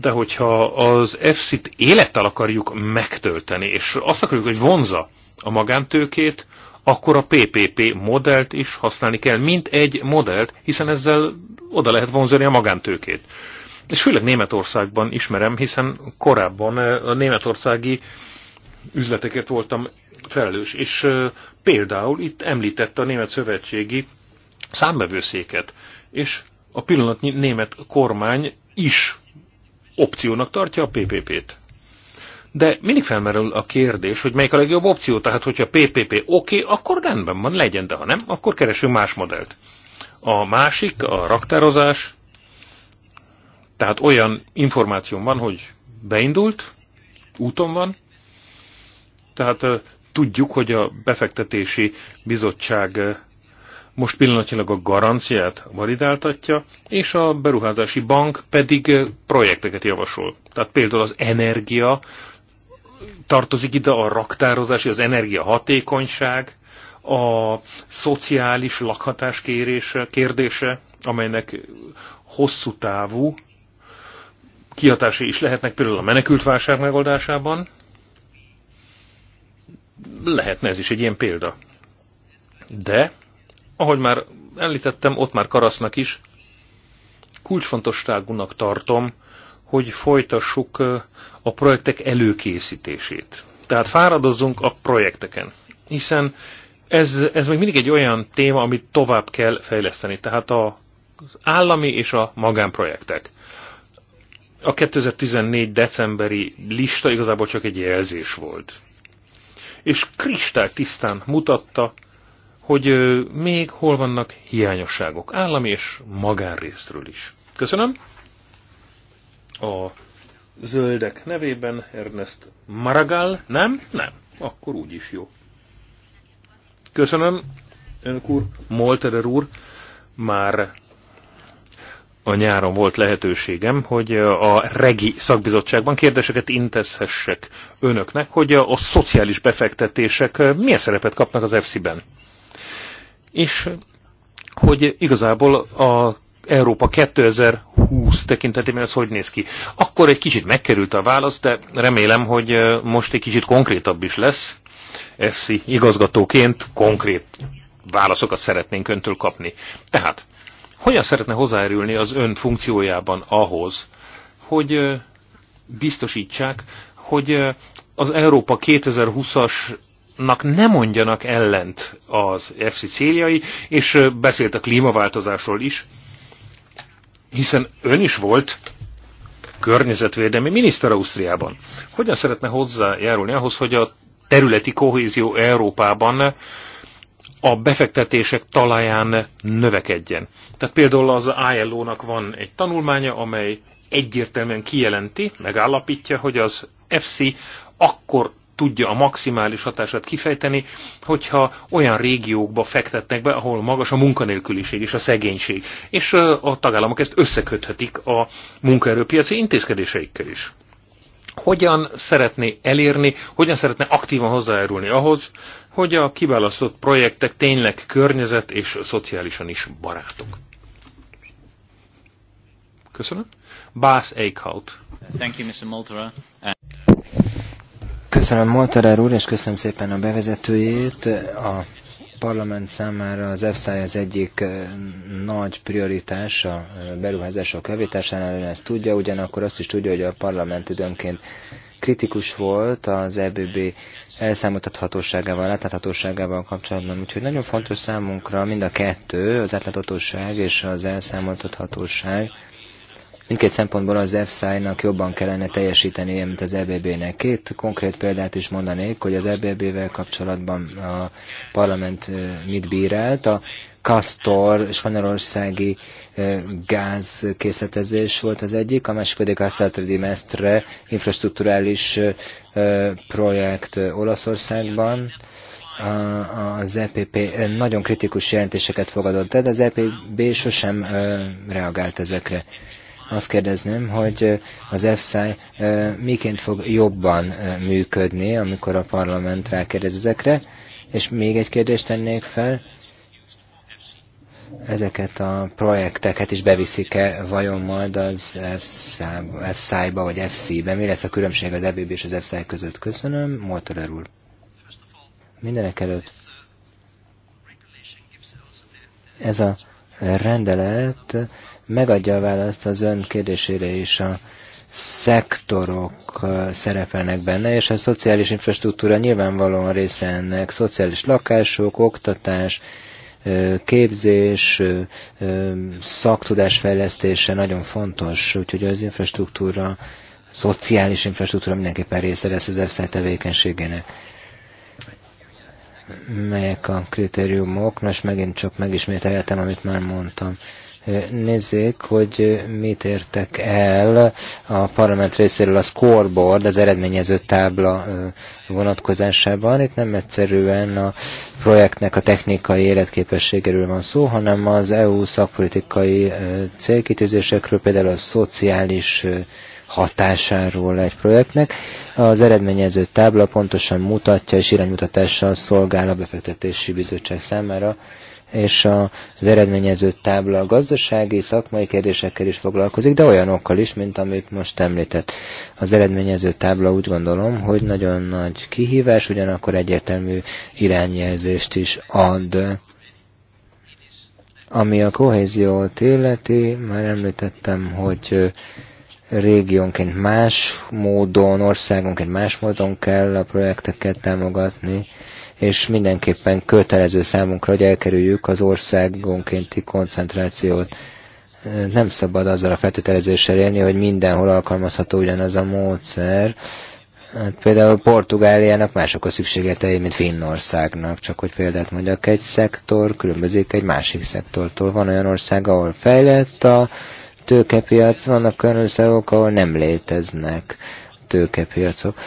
de hogyha az EFSZ-t élettel akarjuk megtölteni, és azt akarjuk, hogy vonza a magántőkét, akkor a PPP modellt is használni kell, mint egy modellt, hiszen ezzel oda lehet vonzani a magántőkét. És főleg Németországban ismerem, hiszen korábban eh, a németországi üzleteket voltam felelős, és eh, például itt említette a Német Szövetségi számbevőszéket, és a pillanatnyi német kormány is opciónak tartja a PPP-t. De mindig felmerül a kérdés, hogy melyik a legjobb opció. Tehát, hogyha PPP oké, okay, akkor rendben van, legyen, de ha nem, akkor keresünk más modellt. A másik, a raktározás, tehát olyan információm van, hogy beindult, úton van, tehát tudjuk, hogy a befektetési bizottság most pillanatilag a garanciát validáltatja, és a beruházási bank pedig eh, projekteket javasol. Tehát például az energia tartozik ide a raktározás, az energia hatékonyság, a szociális lakhatás kérése, kérdése, amelynek hosszú távú kihatásai is lehetnek például a menekültválság megoldásában. Lehetne ez is egy ilyen példa. De ahogy már említettem, ott már Karasznak is, kulcsfontosságúnak tartom, hogy folytassuk a projektek előkészítését. Tehát fáradozzunk a projekteken, hiszen ez, ez még mindig egy olyan téma, amit tovább kell fejleszteni, tehát az állami és a magánprojektek. A 2014. decemberi lista igazából csak egy jelzés volt. És kristály tisztán mutatta, hogy még hol vannak hiányosságok, állami és magánrészről is. Köszönöm. A zöldek nevében Ernest Maragall, nem? Nem. Akkor úgy is jó. Köszönöm, önök úr, Molterer úr, már a nyáron volt lehetőségem, hogy a regi szakbizottságban kérdéseket intézhessek önöknek, hogy a szociális befektetések milyen szerepet kapnak az EFSI-ben és hogy igazából a Európa 2020 tekintetében ez hogy néz ki. Akkor egy kicsit megkerült a válasz, de remélem, hogy most egy kicsit konkrétabb is lesz. FC igazgatóként konkrét válaszokat szeretnénk öntől kapni. Tehát, hogyan szeretne hozzájárulni az ön funkciójában ahhoz, hogy biztosítsák, hogy az Európa 2020-as nak nem mondjanak ellent az EFSI céljai, és beszélt a klímaváltozásról is, hiszen ön is volt környezetvédelmi miniszter Ausztriában. Hogyan szeretne hozzájárulni ahhoz, hogy a területi kohézió Európában a befektetések talaján növekedjen? Tehát például az ILO-nak van egy tanulmánya, amely egyértelműen kijelenti, megállapítja, hogy az FC akkor tudja a maximális hatását kifejteni, hogyha olyan régiókba fektetnek be, ahol magas a munkanélküliség és a szegénység. És a tagállamok ezt összeköthetik a munkaerőpiaci intézkedéseikkel is. Hogyan szeretné elérni, hogyan szeretne aktívan hozzájárulni ahhoz, hogy a kiválasztott projektek tényleg környezet és szociálisan is barátok. Köszönöm. Bász Eichhout. Thank you, Mr. Moltera. Köszönöm Moltarár úr, és köszönöm szépen a bevezetőjét. A parlament számára az EFSA az egyik nagy prioritás a beruházások javításánál, ön ezt tudja, ugyanakkor azt is tudja, hogy a parlament időnként kritikus volt az EBB elszámoltathatóságával, átláthatóságával kapcsolatban, úgyhogy nagyon fontos számunkra mind a kettő, az átláthatóság és az elszámoltathatóság, Mindkét szempontból az f nak jobban kellene teljesítenie, mint az EBB-nek. Két konkrét példát is mondanék, hogy az EBB-vel kapcsolatban a parlament mit bírált. A Castor spanyolországi gázkészletezés volt az egyik, a másik pedig a Mestre infrastruktúrális projekt Olaszországban az EPP nagyon kritikus jelentéseket fogadott de az EPB sosem reagált ezekre. Azt kérdezném, hogy az EFSAI miként fog jobban működni, amikor a parlament rákérdez ezekre, és még egy kérdést tennék fel, ezeket a projekteket is beviszik-e vajon majd az FSI-ba vagy FC-be? Mi lesz a különbség az EBB és az FSI között? Köszönöm, Moltorer úr. Mindenek előtt. Ez a rendelet megadja a választ az ön kérdésére is a szektorok szerepelnek benne, és a szociális infrastruktúra nyilvánvalóan része ennek, szociális lakások, oktatás, képzés, szaktudás fejlesztése nagyon fontos, úgyhogy az infrastruktúra, szociális infrastruktúra mindenképpen része lesz az EFSZ tevékenységének. Melyek a kritériumok? Most megint csak megismételhetem, amit már mondtam nézzék, hogy mit értek el a parlament részéről a scoreboard, az eredményező tábla vonatkozásában. Itt nem egyszerűen a projektnek a technikai életképességéről van szó, hanem az EU szakpolitikai célkitűzésekről, például a szociális hatásáról egy projektnek. Az eredményező tábla pontosan mutatja és iránymutatással szolgál a befektetési bizottság számára, és az eredményező tábla a gazdasági, szakmai kérdésekkel is foglalkozik, de olyanokkal is, mint amit most említett. Az eredményező tábla úgy gondolom, hogy nagyon nagy kihívás, ugyanakkor egyértelmű irányjelzést is ad. Ami a kohéziót illeti, már említettem, hogy régiónként más módon, országonként más módon kell a projekteket támogatni, és mindenképpen kötelező számunkra, hogy elkerüljük az országonkénti koncentrációt. Nem szabad azzal a feltételezéssel élni, hogy mindenhol alkalmazható ugyanaz a módszer. Hát például Portugáliának mások a szükségetei, mint Finnországnak, csak hogy példát mondjak, egy szektor különbözik egy másik szektortól. Van olyan ország, ahol fejlett a tőkepiac, vannak olyan országok, ahol nem léteznek tőkepiacok.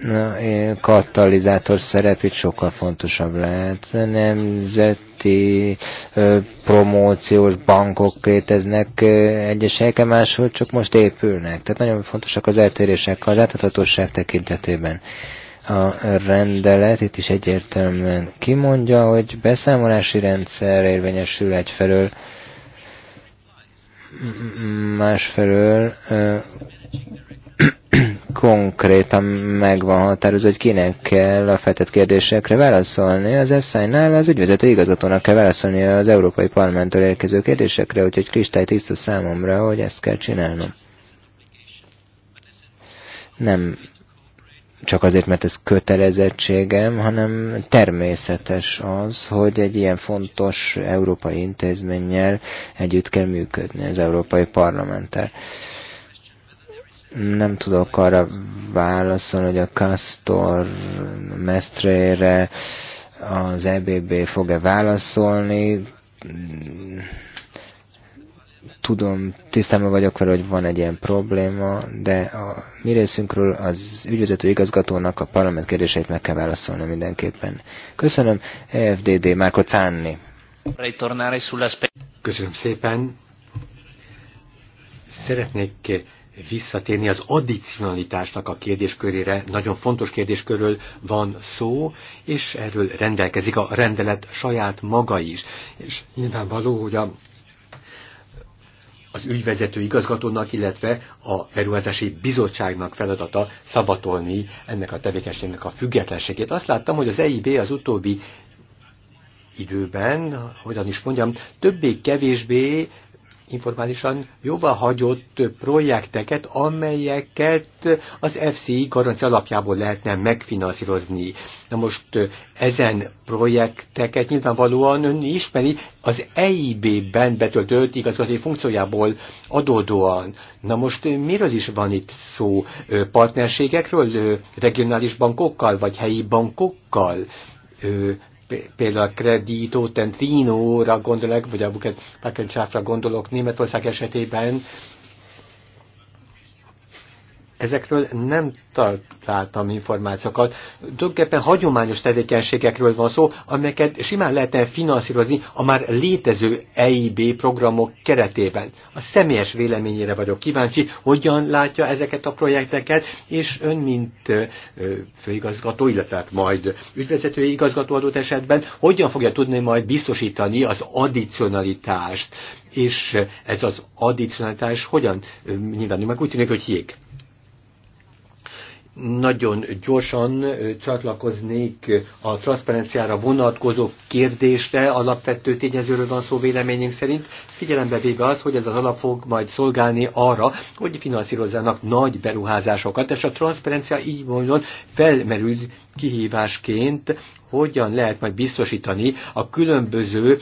Na, katalizátor itt sokkal fontosabb lehet. Nemzeti ö, promóciós bankok léteznek egyes helyeken, máshol csak most épülnek. Tehát nagyon fontosak az eltérések a láthatóság tekintetében. A rendelet itt is egyértelműen kimondja, hogy beszámolási rendszer érvényesül egyfelől, másfelől ö, konkrétan megvan van hogy kinek kell a feltett kérdésekre válaszolni. Az EFSA-nál az ügyvezető igazgatónak kell válaszolni az Európai Parlamenttől érkező kérdésekre, úgyhogy kristály tiszta számomra, hogy ezt kell csinálnom. Nem csak azért, mert ez kötelezettségem, hanem természetes az, hogy egy ilyen fontos európai intézménnyel együtt kell működni az Európai Parlamenttel. Nem tudok arra válaszolni, hogy a Castor Mestrére az EBB fog-e válaszolni. Tudom, tisztában vagyok vele, hogy van egy ilyen probléma, de a mi részünkről az ügyvezető igazgatónak a parlament kérdéseit meg kell válaszolni mindenképpen. Köszönöm, EFDD, Márko Cánni. Köszönöm szépen. Szeretnék visszatérni az addicionalitásnak a kérdéskörére. Nagyon fontos kérdéskörről van szó, és erről rendelkezik a rendelet saját maga is. És nyilvánvaló, hogy a az ügyvezető igazgatónak, illetve a beruházási bizottságnak feladata szabatolni ennek a tevékenységnek a függetlenségét. Azt láttam, hogy az EIB az utóbbi időben, hogyan is mondjam, többé-kevésbé informálisan jóval hagyott projekteket, amelyeket az FCI garancia alapjából lehetne megfinanszírozni. Na most ezen projekteket nyilvánvalóan ön ismeri az EIB-ben betöltött igazgatói funkciójából adódóan. Na most miről is van itt szó? Partnerségekről, regionális bankokkal, vagy helyi bankokkal? például a Credito Tentrino-ra gondolok, vagy a Buket Pakensáfra gondolok Németország esetében, ezekről nem találtam információkat. Tulajdonképpen hagyományos tevékenységekről van szó, amelyeket simán lehetne finanszírozni a már létező EIB programok keretében. A személyes véleményére vagyok kíváncsi, hogyan látja ezeket a projekteket, és ön, mint főigazgató, illetve hát majd ügyvezetői igazgató adott esetben, hogyan fogja tudni majd biztosítani az addicionalitást, és ez az addicionalitás hogyan nyilvánul meg? Úgy tűnik, hogy hiék nagyon gyorsan csatlakoznék a transzparenciára vonatkozó kérdésre, alapvető tényezőről van szó véleményünk szerint, figyelembe véve az, hogy ez az alap fog majd szolgálni arra, hogy finanszírozzanak nagy beruházásokat, és a transzparencia így mondjon felmerül kihívásként, hogyan lehet majd biztosítani a különböző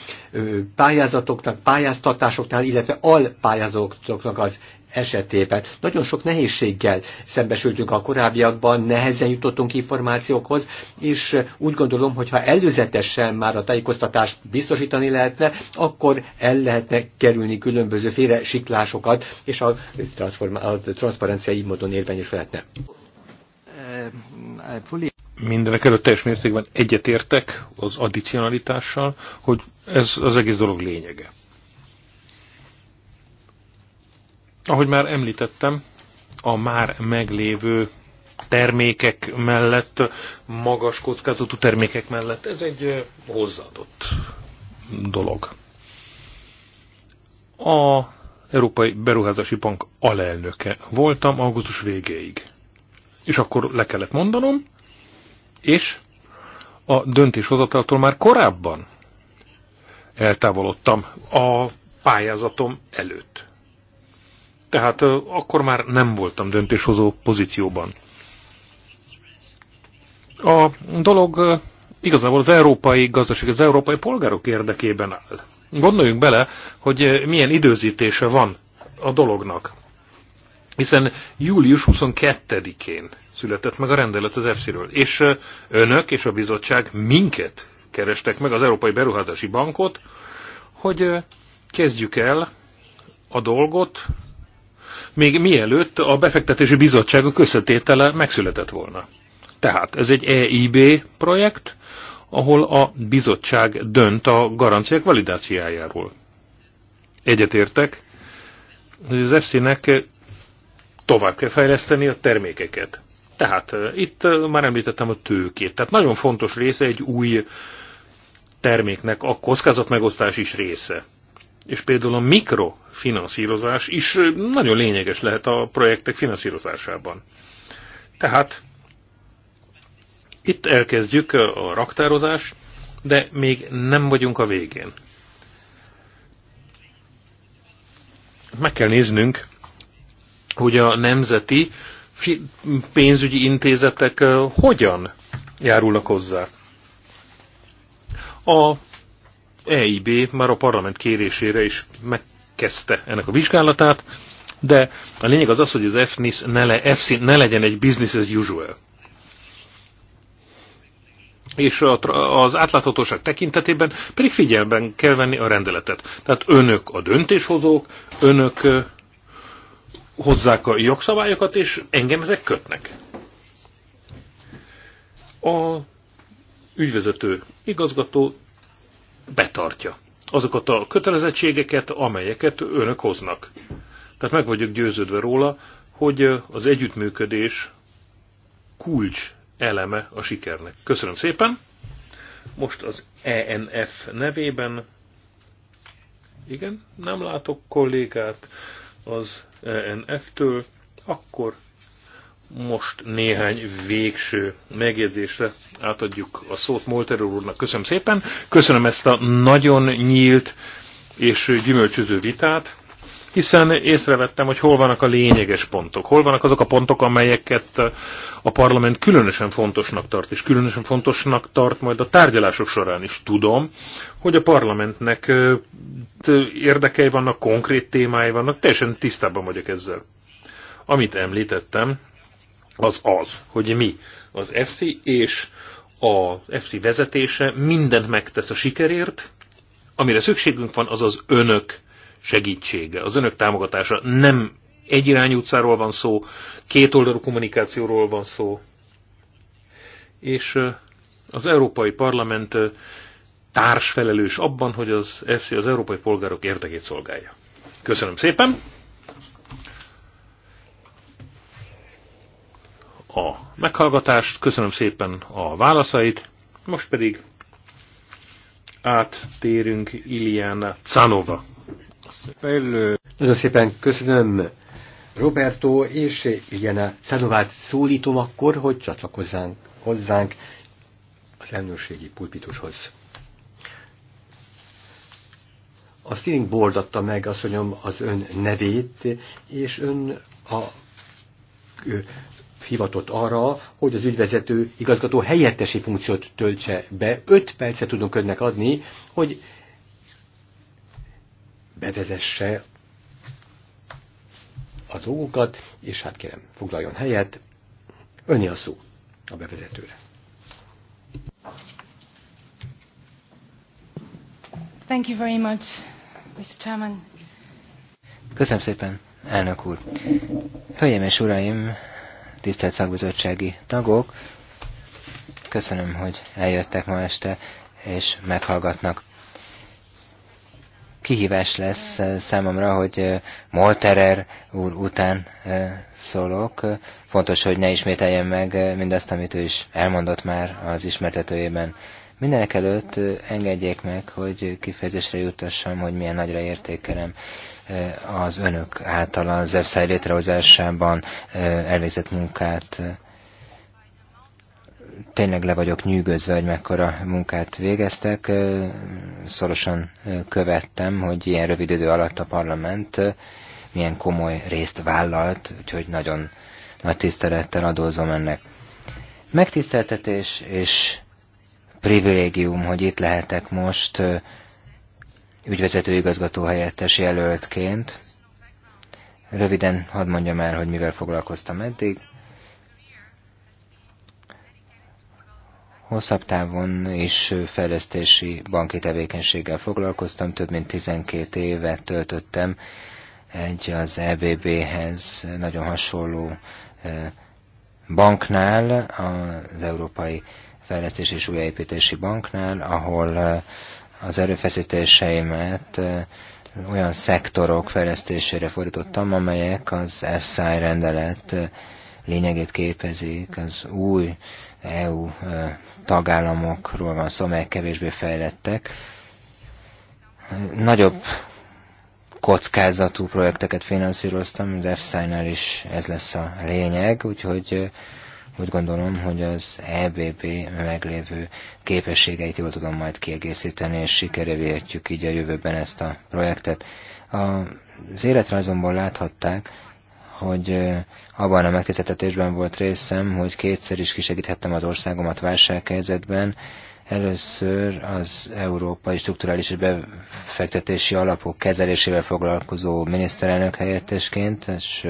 pályázatoknak, pályáztatásoknál, illetve alpályázatoknak az esetében. Nagyon sok nehézséggel szembesültünk a korábbiakban, nehezen jutottunk információkhoz, és úgy gondolom, hogy ha előzetesen már a tájékoztatást biztosítani lehetne, akkor el lehetne kerülni különböző félre siklásokat, és a, a transzparencia így módon lehetne. Mindenek előtt teljes mértékben egyetértek az addicionalitással, hogy ez az egész dolog lényege. Ahogy már említettem, a már meglévő termékek mellett, magas kockázatú termékek mellett. Ez egy hozzáadott dolog. A Európai Beruházási Bank alelnöke voltam augusztus végéig. És akkor le kellett mondanom, és a döntéshozataltól már korábban eltávolodtam a pályázatom előtt. Tehát akkor már nem voltam döntéshozó pozícióban. A dolog igazából az európai gazdaság, az európai polgárok érdekében áll. Gondoljunk bele, hogy milyen időzítése van a dolognak. Hiszen július 22-én született meg a rendelet az EFSZ-ről, és önök és a bizottság minket kerestek meg, az Európai Beruházási Bankot, hogy kezdjük el a dolgot, még mielőtt a befektetési bizottság a összetétele megszületett volna. Tehát ez egy EIB projekt, ahol a bizottság dönt a garanciák validációjáról. Egyetértek, hogy az FC-nek tovább kell fejleszteni a termékeket. Tehát e, itt e, már említettem a tőkét. Tehát nagyon fontos része egy új terméknek a kockázatmegosztás is része. És például a mikrofinanszírozás is nagyon lényeges lehet a projektek finanszírozásában. Tehát itt elkezdjük a raktározás, de még nem vagyunk a végén. Meg kell néznünk, hogy a nemzeti pénzügyi intézetek hogyan járulnak hozzá. A EIB már a parlament kérésére is megkezdte ennek a vizsgálatát, de a lényeg az az, hogy az FNIS ne, le, FC ne legyen egy business as usual. És a, az átláthatóság tekintetében pedig figyelben kell venni a rendeletet. Tehát önök a döntéshozók, önök hozzák a jogszabályokat, és engem ezek kötnek. A ügyvezető igazgató betartja azokat a kötelezettségeket, amelyeket önök hoznak. Tehát meg vagyok győződve róla, hogy az együttműködés kulcs eleme a sikernek. Köszönöm szépen! Most az ENF nevében, igen, nem látok kollégát az ENF-től, akkor most néhány végső megjegyzésre átadjuk a szót Molter úrnak. Köszönöm szépen. Köszönöm ezt a nagyon nyílt és gyümölcsöző vitát, hiszen észrevettem, hogy hol vannak a lényeges pontok, hol vannak azok a pontok, amelyeket a parlament különösen fontosnak tart, és különösen fontosnak tart majd a tárgyalások során is. Tudom, hogy a parlamentnek érdekei vannak, konkrét témái vannak, teljesen tisztában vagyok ezzel. Amit említettem, az az, hogy mi az FC és az FC vezetése mindent megtesz a sikerért, amire szükségünk van, az az önök segítsége, az önök támogatása. Nem egyirányú utcáról van szó, kétoldalú kommunikációról van szó. És az Európai Parlament társfelelős abban, hogy az FC az európai polgárok érdekét szolgálja. Köszönöm szépen! a meghallgatást, köszönöm szépen a válaszait, most pedig áttérünk Iliana Canova. Nagyon szépen köszönöm Roberto és Iliana Canovát szólítom akkor, hogy csatlakozzánk hozzánk az elnökségi pulpitushoz. A steering board adta meg, azt mondjam, az ön nevét, és ön a hivatott arra, hogy az ügyvezető igazgató helyettesi funkciót töltse be. Öt percet tudunk önnek adni, hogy bevezesse a dolgokat, és hát kérem, foglaljon helyet. Öni a szó a bevezetőre. Thank you very much, Mr. Chairman. Köszönöm szépen, elnök úr. Hölgyeim és uraim, tisztelt szakbizottsági tagok, köszönöm, hogy eljöttek ma este, és meghallgatnak. Kihívás lesz eh, számomra, hogy eh, Molterer úr után eh, szólok. Fontos, hogy ne ismételjem meg mindazt, amit ő is elmondott már az ismertetőjében. Mindenek előtt engedjék meg, hogy kifejezésre jutassam, hogy milyen nagyra értékelem az önök által az EFSZÁJ létrehozásában elvégzett munkát. Tényleg le vagyok nyűgözve, hogy mekkora munkát végeztek. Szorosan követtem, hogy ilyen rövid idő alatt a parlament milyen komoly részt vállalt, úgyhogy nagyon nagy tisztelettel adózom ennek. Megtiszteltetés és privilégium, hogy itt lehetek most ügyvezető igazgató helyettes jelöltként. Röviden hadd mondjam el, hogy mivel foglalkoztam eddig. Hosszabb távon is fejlesztési banki tevékenységgel foglalkoztam, több mint 12 évet töltöttem egy az EBB-hez nagyon hasonló banknál, az Európai Fejlesztési és Újjáépítési Banknál, ahol eh, az erőfeszítéseimet eh, olyan szektorok fejlesztésére fordítottam, amelyek az FSI rendelet eh, lényegét képezik, az új EU tagállamokról van szó, amelyek kevésbé fejlettek. Nagyobb kockázatú projekteket finanszíroztam, az FSI-nál is ez lesz a lényeg, úgyhogy úgy gondolom, hogy az EBB meglévő képességeit jól tudom majd kiegészíteni, és sikerevihetjük így a jövőben ezt a projektet. Az életrajzomból láthatták, hogy abban a megtiszteltetésben volt részem, hogy kétszer is kisegíthettem az országomat válsághelyzetben. Először az Európai Strukturális és Befektetési Alapok kezelésével foglalkozó miniszterelnök helyettesként, és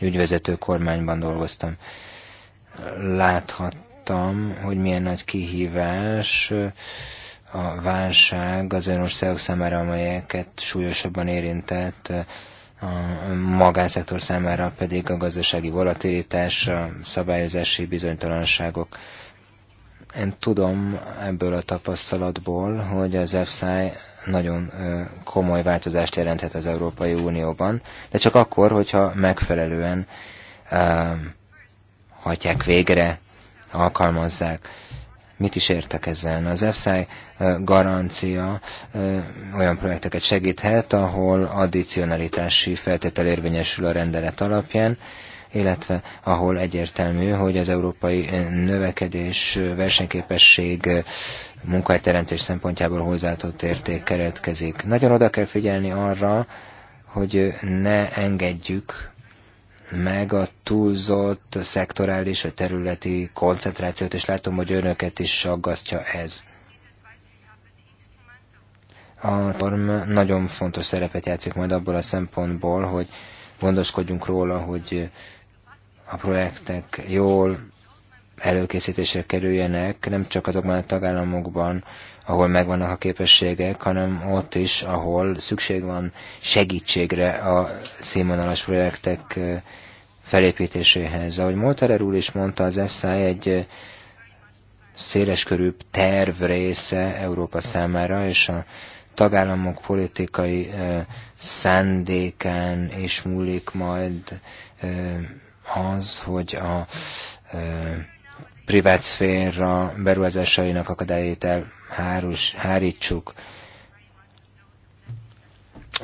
ügyvezető kormányban dolgoztam láthattam, hogy milyen nagy kihívás a válság az olyan országok számára, amelyeket súlyosabban érintett, a magánszektor számára pedig a gazdasági volatilitás, a szabályozási bizonytalanságok. Én tudom ebből a tapasztalatból, hogy az EFSI nagyon komoly változást jelenthet az Európai Unióban, de csak akkor, hogyha megfelelően hajtják végre, alkalmazzák. Mit is értek ezzel? Az EFSAI garancia olyan projekteket segíthet, ahol addicionalitási feltétel érvényesül a rendelet alapján, illetve ahol egyértelmű, hogy az európai növekedés, versenyképesség, munkahelyteremtés szempontjából hozzáadott érték keretkezik. Nagyon oda kell figyelni arra, hogy ne engedjük meg a túlzott szektorális vagy területi koncentrációt, és látom, hogy önöket is saggasztja ez. A norm nagyon fontos szerepet játszik majd abból a szempontból, hogy gondoskodjunk róla, hogy a projektek jól előkészítésre kerüljenek, nem csak azokban a tagállamokban, ahol megvannak a képességek, hanem ott is, ahol szükség van segítségre a színvonalas projektek felépítéséhez. Ahogy Molterer úr is mondta, az EFSA egy széleskörű terv része Európa számára, és a tagállamok politikai szándékán is múlik majd az, hogy a privát szféra beruházásainak akadályait elhárítsuk. hárítsuk.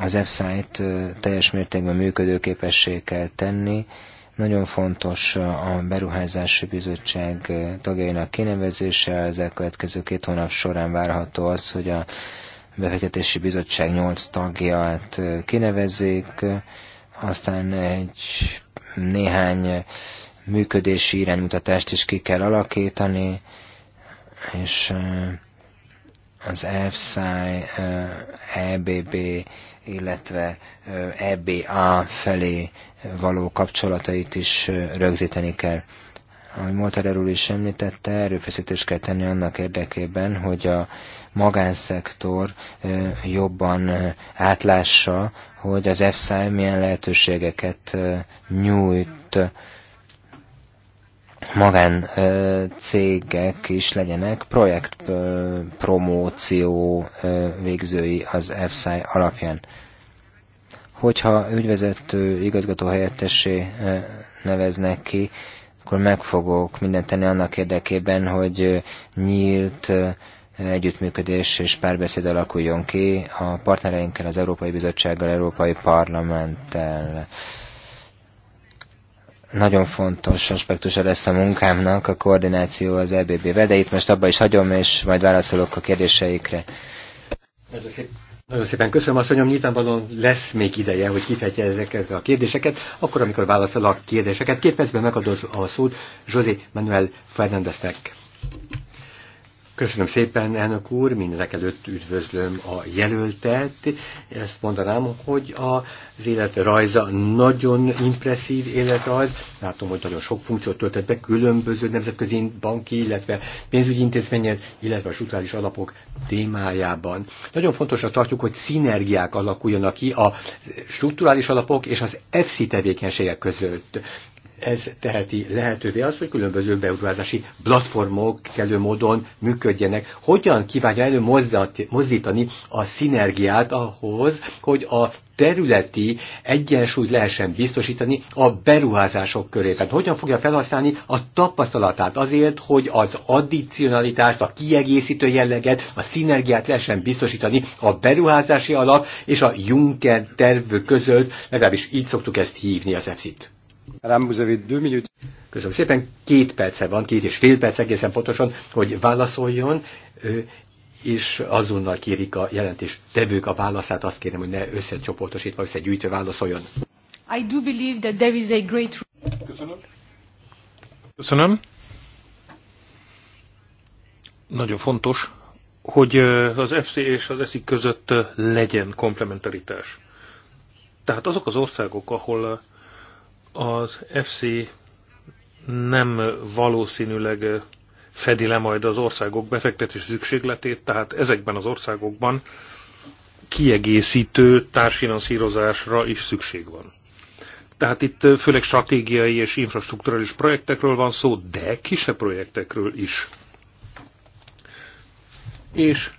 Az f teljes mértékben működőképessé kell tenni, nagyon fontos a beruházási bizottság tagjainak kinevezése, az elkövetkező két hónap során várható az, hogy a befektetési bizottság nyolc tagját kinevezik, aztán egy néhány működési iránymutatást is ki kell alakítani, és az EFSAI, EBB illetve EBA felé való kapcsolatait is rögzíteni kell. Ahogy Molter erről is említette, erőfeszítést kell tenni annak érdekében, hogy a magánszektor jobban átlássa, hogy az EFSA milyen lehetőségeket nyújt magán cégek is legyenek projekt promóció végzői az EFSI alapján. Hogyha ügyvezető igazgató helyettesé neveznek ki, akkor meg fogok mindent tenni annak érdekében, hogy nyílt együttműködés és párbeszéd alakuljon ki a partnereinkkel, az Európai Bizottsággal, Európai Parlamenttel nagyon fontos aspektusa lesz a munkámnak a koordináció az EBB-vel, de itt most abba is hagyom, és majd válaszolok a kérdéseikre. Nagyon szépen, köszönöm, azt köszönöm, nyilvánvalóan lesz még ideje, hogy kifejtje ezeket a kérdéseket, akkor, amikor válaszol a kérdéseket. Két percben megadom a szót José Manuel Fernándeznek. Köszönöm szépen, elnök úr, mindezek előtt üdvözlöm a jelöltet. Ezt mondanám, hogy az életrajza nagyon impresszív életrajz. Látom, hogy nagyon sok funkciót töltött be, különböző nemzetközi banki, illetve pénzügyi intézmények, illetve a struktúrális alapok témájában. Nagyon fontosra tartjuk, hogy szinergiák alakuljanak ki a struktúrális alapok és az EFSI tevékenységek között ez teheti lehetővé azt, hogy különböző beugrázási platformok kellő módon működjenek. Hogyan kívánja előmozdítani a szinergiát ahhoz, hogy a területi egyensúlyt lehessen biztosítani a beruházások körében. Hogyan fogja felhasználni a tapasztalatát azért, hogy az addicionalitást, a kiegészítő jelleget, a szinergiát lehessen biztosítani a beruházási alap és a Juncker terv között, legalábbis így szoktuk ezt hívni az EFSZ-t. Köszönöm szépen, két perce van, két és fél perc egészen pontosan, hogy válaszoljon, és azonnal kérik a jelentés tevők a válaszát, azt kérem, hogy ne összecsoportosítva, összegyűjtve válaszoljon. I do believe that there is a great... Köszönöm. Köszönöm. Nagyon fontos, hogy az FC és az ESZI között legyen komplementaritás. Tehát azok az országok, ahol az FC nem valószínűleg fedi le majd az országok befektetési szükségletét, tehát ezekben az országokban kiegészítő társfinanszírozásra is szükség van. Tehát itt főleg stratégiai és infrastruktúrális projektekről van szó, de kisebb projektekről is. És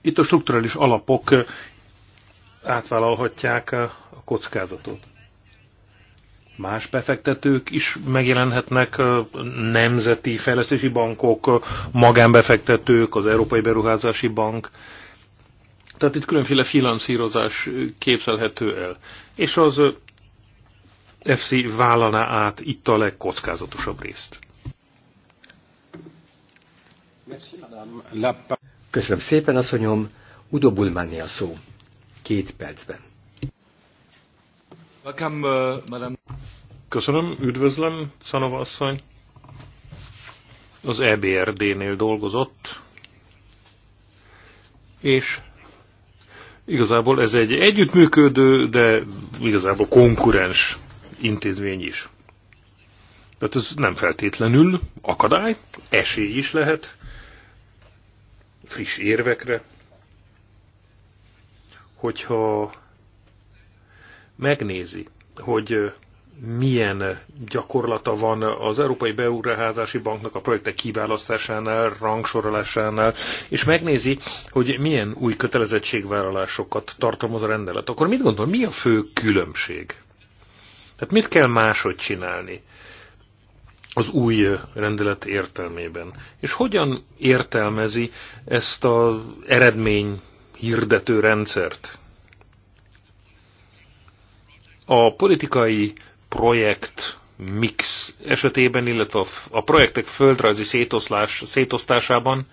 itt a strukturális alapok átvállalhatják a kockázatot más befektetők is megjelenhetnek, nemzeti fejlesztési bankok, magánbefektetők, az Európai Beruházási Bank. Tehát itt különféle finanszírozás képzelhető el. És az FC vállalná át itt a legkockázatosabb részt. Köszönöm szépen, asszonyom. Udo Bulmáni a szó. Két percben. Welcome, uh, madam. Köszönöm, üdvözlöm, Szanova asszony. Az EBRD-nél dolgozott, és igazából ez egy együttműködő, de igazából konkurens intézmény is. Tehát ez nem feltétlenül akadály, esély is lehet, friss érvekre, hogyha megnézi, hogy milyen gyakorlata van az Európai Beruházási Banknak a projektek kiválasztásánál, rangsorolásánál, és megnézi, hogy milyen új kötelezettségvállalásokat tartalmaz a rendelet, akkor mit gondol, mi a fő különbség? Tehát mit kell máshogy csinálni az új rendelet értelmében? És hogyan értelmezi ezt az eredmény hirdető rendszert? A politikai projekt mix esetében, illetve a projektek földrajzi szétoszlás, szétosztásában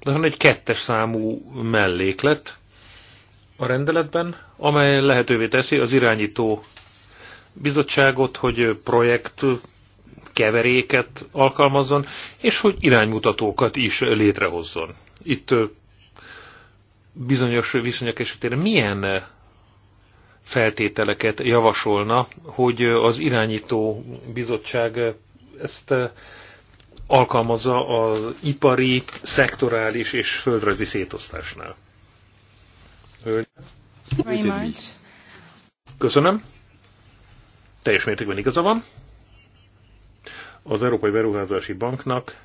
de van egy kettes számú melléklet a rendeletben, amely lehetővé teszi az irányító bizottságot, hogy projekt keveréket alkalmazzon, és hogy iránymutatókat is létrehozzon. Itt bizonyos viszonyok esetére milyen feltételeket javasolna, hogy az irányító bizottság ezt alkalmazza az ipari, szektorális és földrajzi szétosztásnál. Köszönöm. Teljes mértékben igaza van. Az Európai Beruházási Banknak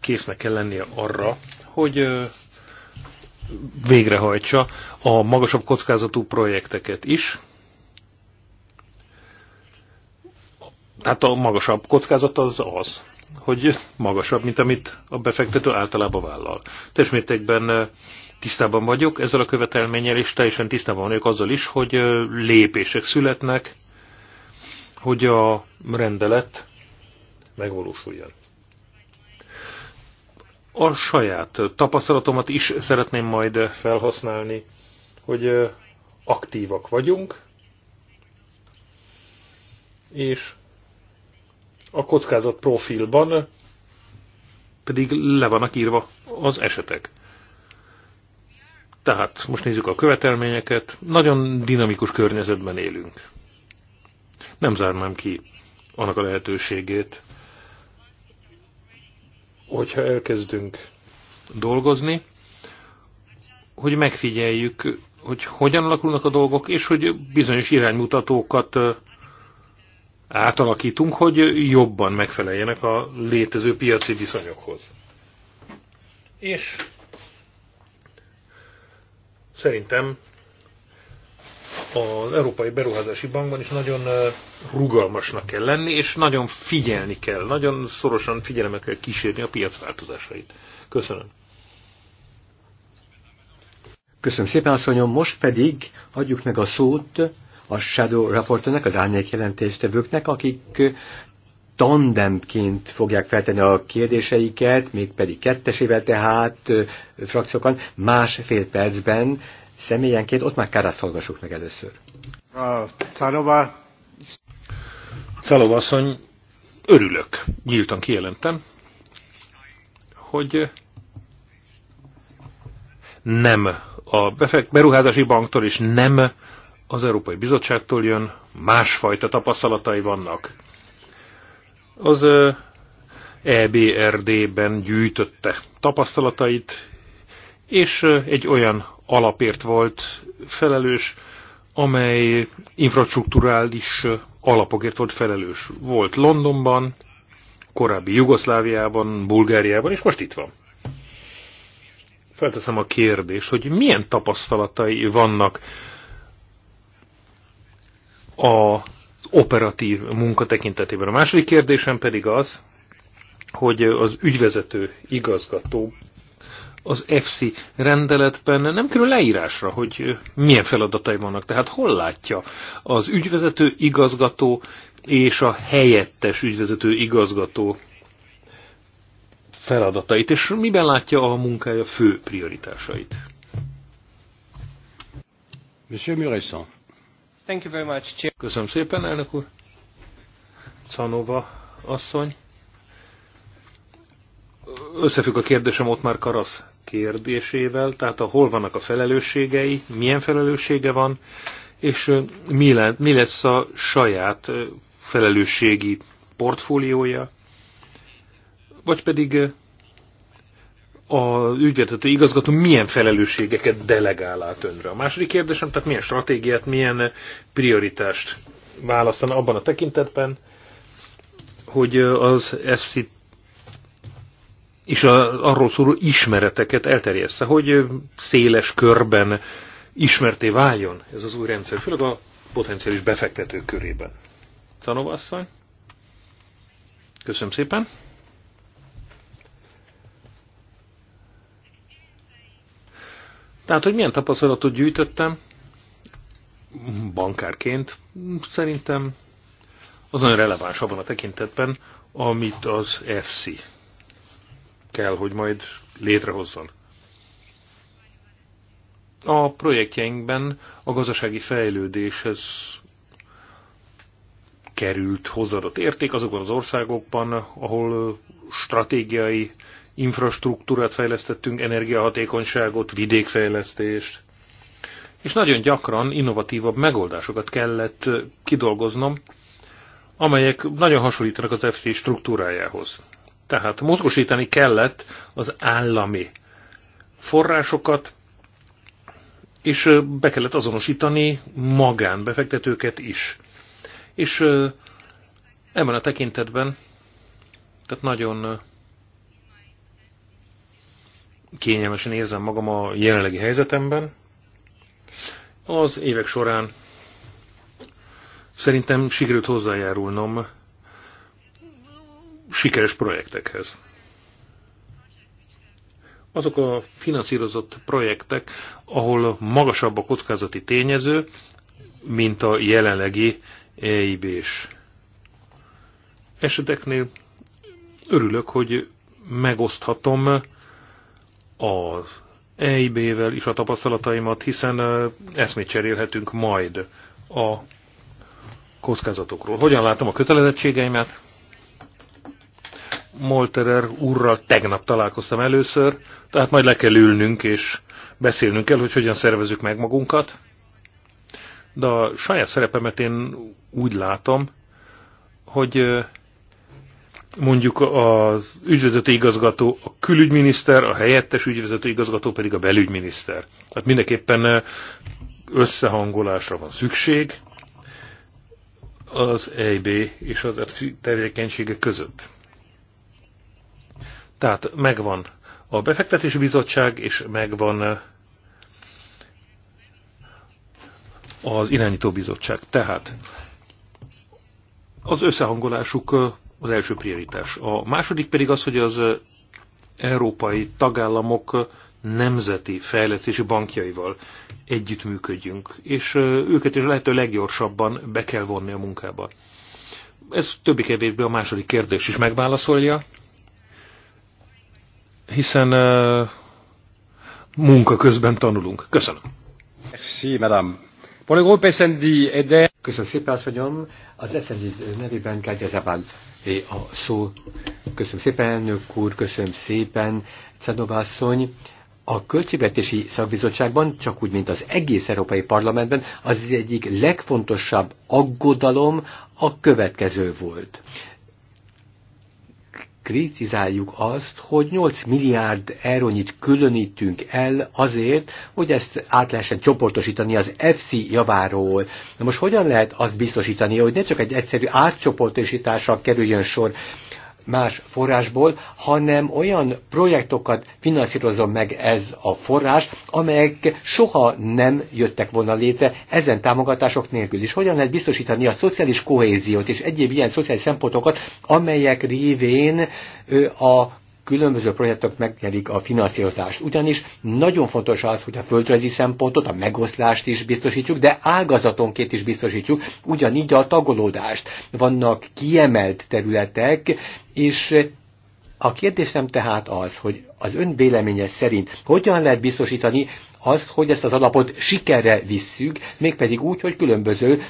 késznek kell lennie arra, hogy végrehajtsa a magasabb kockázatú projekteket is, hát a magasabb kockázat az az, hogy magasabb, mint amit a befektető általában vállal. Teljes mértékben tisztában vagyok ezzel a követelménnyel, és teljesen tisztában vagyok azzal is, hogy lépések születnek, hogy a rendelet megvalósuljon a saját tapasztalatomat is szeretném majd felhasználni, hogy aktívak vagyunk, és a kockázat profilban pedig le vannak írva az esetek. Tehát most nézzük a követelményeket. Nagyon dinamikus környezetben élünk. Nem zárnám ki annak a lehetőségét, hogyha elkezdünk dolgozni, hogy megfigyeljük, hogy hogyan alakulnak a dolgok, és hogy bizonyos iránymutatókat átalakítunk, hogy jobban megfeleljenek a létező piaci viszonyokhoz. És szerintem az Európai Beruházási Bankban is nagyon rugalmasnak kell lenni, és nagyon figyelni kell, nagyon szorosan figyelemmel kell kísérni a piac változásait. Köszönöm. Köszönöm szépen, asszonyom. Most pedig adjuk meg a szót a Shadow Raportőnek, az árnyék jelentéstevőknek, akik tandemként fogják feltenni a kérdéseiket, mégpedig kettesével tehát frakciókan, másfél percben személyenként, ott már Kárász hallgassuk meg először. Szalova. Szalova asszony, örülök, nyíltan kijelentem, hogy nem a beruházási banktól és nem az Európai Bizottságtól jön, másfajta tapasztalatai vannak. Az EBRD-ben gyűjtötte tapasztalatait, és egy olyan alapért volt felelős, amely infrastruktúrális alapokért volt felelős. Volt Londonban, korábbi Jugoszláviában, Bulgáriában, és most itt van. Felteszem a kérdést, hogy milyen tapasztalatai vannak a operatív munka tekintetében. A második kérdésem pedig az, hogy az ügyvezető igazgató az EFSI rendeletben nem kerül leírásra, hogy milyen feladatai vannak. Tehát hol látja az ügyvezető igazgató és a helyettes ügyvezető igazgató feladatait, és miben látja a munkája fő prioritásait? Monsieur Muresson. Thank you very much. Köszönöm szépen, elnök úr. Canova asszony összefügg a kérdésem ott már Karasz kérdésével, tehát a, hol vannak a felelősségei, milyen felelőssége van, és mi, le, mi lesz a saját felelősségi portfóliója, vagy pedig a ügyvezető igazgató milyen felelősségeket delegál át önre. A második kérdésem, tehát milyen stratégiát, milyen prioritást választan abban a tekintetben, hogy az ESZI és a, arról szóló ismereteket elterjessze, hogy széles körben ismerté váljon ez az új rendszer, főleg a potenciális befektetők körében. Canova asszony, köszönöm szépen. Tehát, hogy milyen tapasztalatot gyűjtöttem bankárként, szerintem az nagyon releváns abban a tekintetben, amit az FC kell, hogy majd létrehozzon. A projektjeinkben a gazdasági fejlődéshez került hozadott érték azokban az országokban, ahol stratégiai infrastruktúrát fejlesztettünk, energiahatékonyságot, vidékfejlesztést, és nagyon gyakran innovatívabb megoldásokat kellett kidolgoznom, amelyek nagyon hasonlítanak az FC struktúrájához. Tehát mozgosítani kellett az állami forrásokat, és be kellett azonosítani magánbefektetőket is. És ebben a tekintetben, tehát nagyon kényelmesen érzem magam a jelenlegi helyzetemben. Az évek során szerintem sikerült hozzájárulnom sikeres projektekhez. Azok a finanszírozott projektek, ahol magasabb a kockázati tényező, mint a jelenlegi EIB-s eseteknél örülök, hogy megoszthatom az EIB-vel is a tapasztalataimat, hiszen eszmét cserélhetünk majd a kockázatokról. Hogyan látom a kötelezettségeimet? Molterer úrral tegnap találkoztam először, tehát majd le kell ülnünk, és beszélnünk kell, hogy hogyan szervezzük meg magunkat. De a saját szerepemet én úgy látom, hogy mondjuk az ügyvezető igazgató a külügyminiszter, a helyettes ügyvezető igazgató pedig a belügyminiszter. Tehát mindenképpen összehangolásra van szükség az EIB és az tevékenysége között. Tehát megvan a befektetési bizottság, és megvan eh, az irányító bizottság. Tehát az összehangolásuk eh, az első prioritás. A második pedig az, hogy az eh, európai tagállamok nemzeti fejlesztési bankjaival együttműködjünk, és őket is lehető leggyorsabban be kell vonni a munkába. Ez többi kevésbé a második kérdés is megválaszolja hiszen munka közben tanulunk. Köszönöm. Merci, madame. Pour le groupe SND, Eder... Köszönöm szépen, asszonyom. Az SND nevében Kádja Zabál a szó. Köszönöm szépen, elnök úr, köszönöm szépen, Cedova A Költségvetési Szakbizottságban, csak úgy, mint az egész Európai Parlamentben, az egyik legfontosabb aggodalom a következő volt kritizáljuk azt, hogy 8 milliárd eurónyit különítünk el azért, hogy ezt át lehessen csoportosítani az FC javáról. Na most hogyan lehet azt biztosítani, hogy ne csak egy egyszerű átcsoportosításra kerüljön sor, más forrásból, hanem olyan projektokat finanszírozom meg ez a forrás, amelyek soha nem jöttek volna létre ezen támogatások nélkül is. Hogyan lehet biztosítani a szociális kohéziót és egyéb ilyen szociális szempontokat, amelyek révén a különböző projektek megnyerik a finanszírozást. Ugyanis nagyon fontos az, hogy a földrajzi szempontot, a megoszlást is biztosítjuk, de ágazatonként is biztosítjuk, ugyanígy a tagolódást. Vannak kiemelt területek, és a kérdésem tehát az, hogy az ön véleménye szerint hogyan lehet biztosítani azt, hogy ezt az alapot sikerre visszük, mégpedig úgy, hogy különböző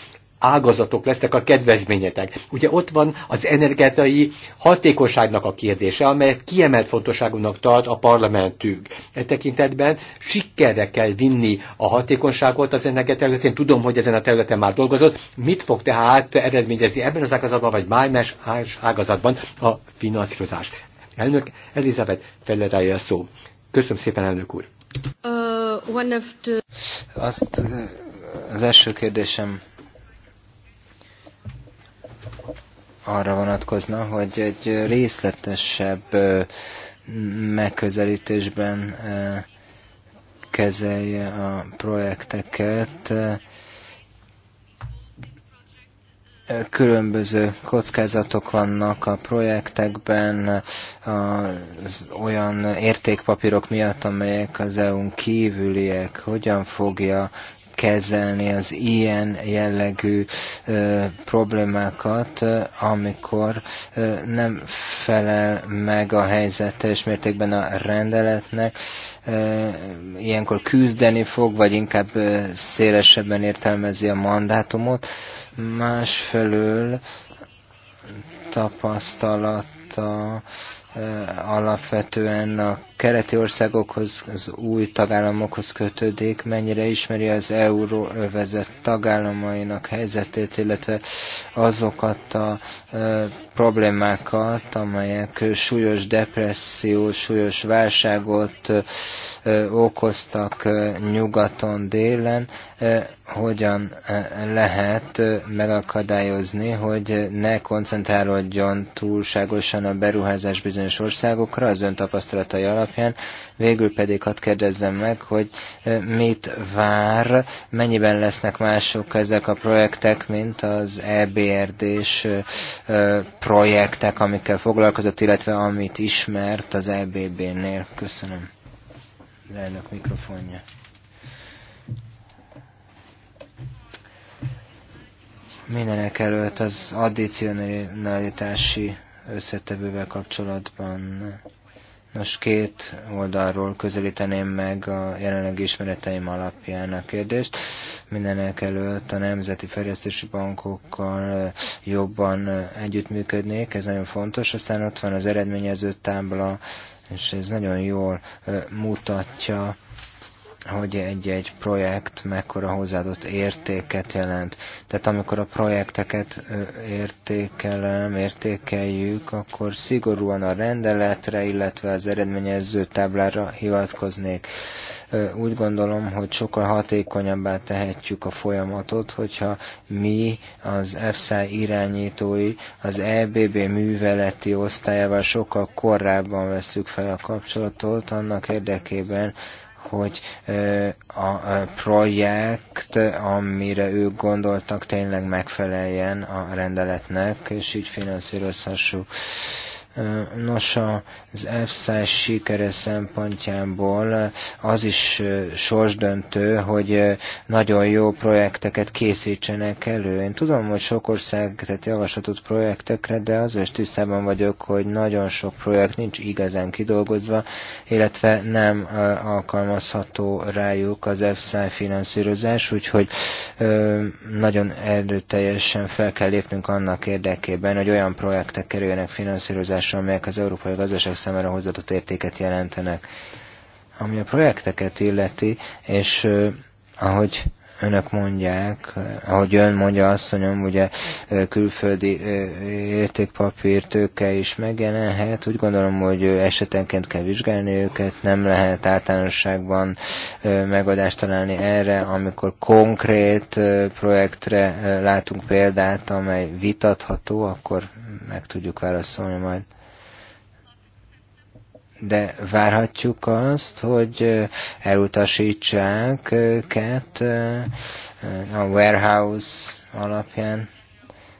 ágazatok lesznek a kedvezményetek. Ugye ott van az energetai hatékonyságnak a kérdése, amelyet kiemelt fontosságúnak tart a parlamentünk. E tekintetben sikerre kell vinni a hatékonyságot az energia területén. Tudom, hogy ezen a területen már dolgozott. Mit fog tehát eredményezni ebben az ágazatban, vagy más ágazatban a finanszírozás? Elnök Elizabeth Fellerája szó. Köszönöm szépen, elnök úr. Uh, one of the... Azt az első kérdésem arra vonatkozna, hogy egy részletesebb megközelítésben kezelje a projekteket, különböző kockázatok vannak a projektekben, az olyan értékpapírok miatt, amelyek az EU-n kívüliek, hogyan fogja kezelni az ilyen jellegű ö, problémákat, amikor ö, nem felel meg a helyzet teljes mértékben a rendeletnek. Ö, ilyenkor küzdeni fog, vagy inkább ö, szélesebben értelmezi a mandátumot. Másfelől tapasztalata Eh, alapvetően a kereti országokhoz, az új tagállamokhoz kötődik, mennyire ismeri az euróövezet tagállamainak helyzetét, illetve azokat a eh, problémákat, amelyek súlyos depresszió, súlyos válságot eh, okoztak nyugaton, délen, hogyan lehet megakadályozni, hogy ne koncentrálódjon túlságosan a beruházás bizonyos országokra az ön tapasztalatai alapján. Végül pedig hadd kérdezzem meg, hogy mit vár, mennyiben lesznek mások ezek a projektek, mint az EBRD-s projektek, amikkel foglalkozott, illetve amit ismert az EBB-nél. Köszönöm az elnök mikrofonja. Mindenek előtt az addicionalitási összetevővel kapcsolatban Nos, két oldalról közelíteném meg a jelenleg ismereteim alapján a kérdést. Mindenek előtt a Nemzeti Fejlesztési Bankokkal jobban együttműködnék, ez nagyon fontos. Aztán ott van az eredményező tábla, és ez nagyon jól mutatja, hogy egy-egy projekt mekkora hozzáadott értéket jelent. Tehát amikor a projekteket értékelem, értékeljük, akkor szigorúan a rendeletre, illetve az eredményező táblára hivatkoznék. Úgy gondolom, hogy sokkal hatékonyabbá tehetjük a folyamatot, hogyha mi az EFSA irányítói az EBB műveleti osztályával sokkal korábban veszük fel a kapcsolatot, annak érdekében, hogy a projekt, amire ők gondoltak, tényleg megfeleljen a rendeletnek, és így finanszírozhassuk. Nos, az EFSA sikere szempontjából eh, az is eh, sorsdöntő, hogy eh, nagyon jó projekteket készítsenek elő. Én tudom, hogy sok ország tett javaslatot projektekre, de az is tisztában vagyok, hogy nagyon sok projekt nincs igazán kidolgozva, illetve nem alkalmazható rájuk az EFSA finanszírozás, úgyhogy nagyon erőteljesen fel kell lépnünk annak érdekében, hogy olyan projektek kerüljenek finanszírozásra, megoldásra, amelyek az európai gazdaság számára hozzáadott értéket jelentenek. Ami a projekteket illeti, és ahogy önök mondják, ahogy ön mondja, asszonyom, ugye külföldi értékpapír tőke is megjelenhet. Úgy gondolom, hogy esetenként kell vizsgálni őket, nem lehet általánosságban megoldást találni erre, amikor konkrét projektre látunk példát, amely vitatható, akkor meg tudjuk válaszolni majd de várhatjuk azt, hogy elutasítsák őket a warehouse alapján.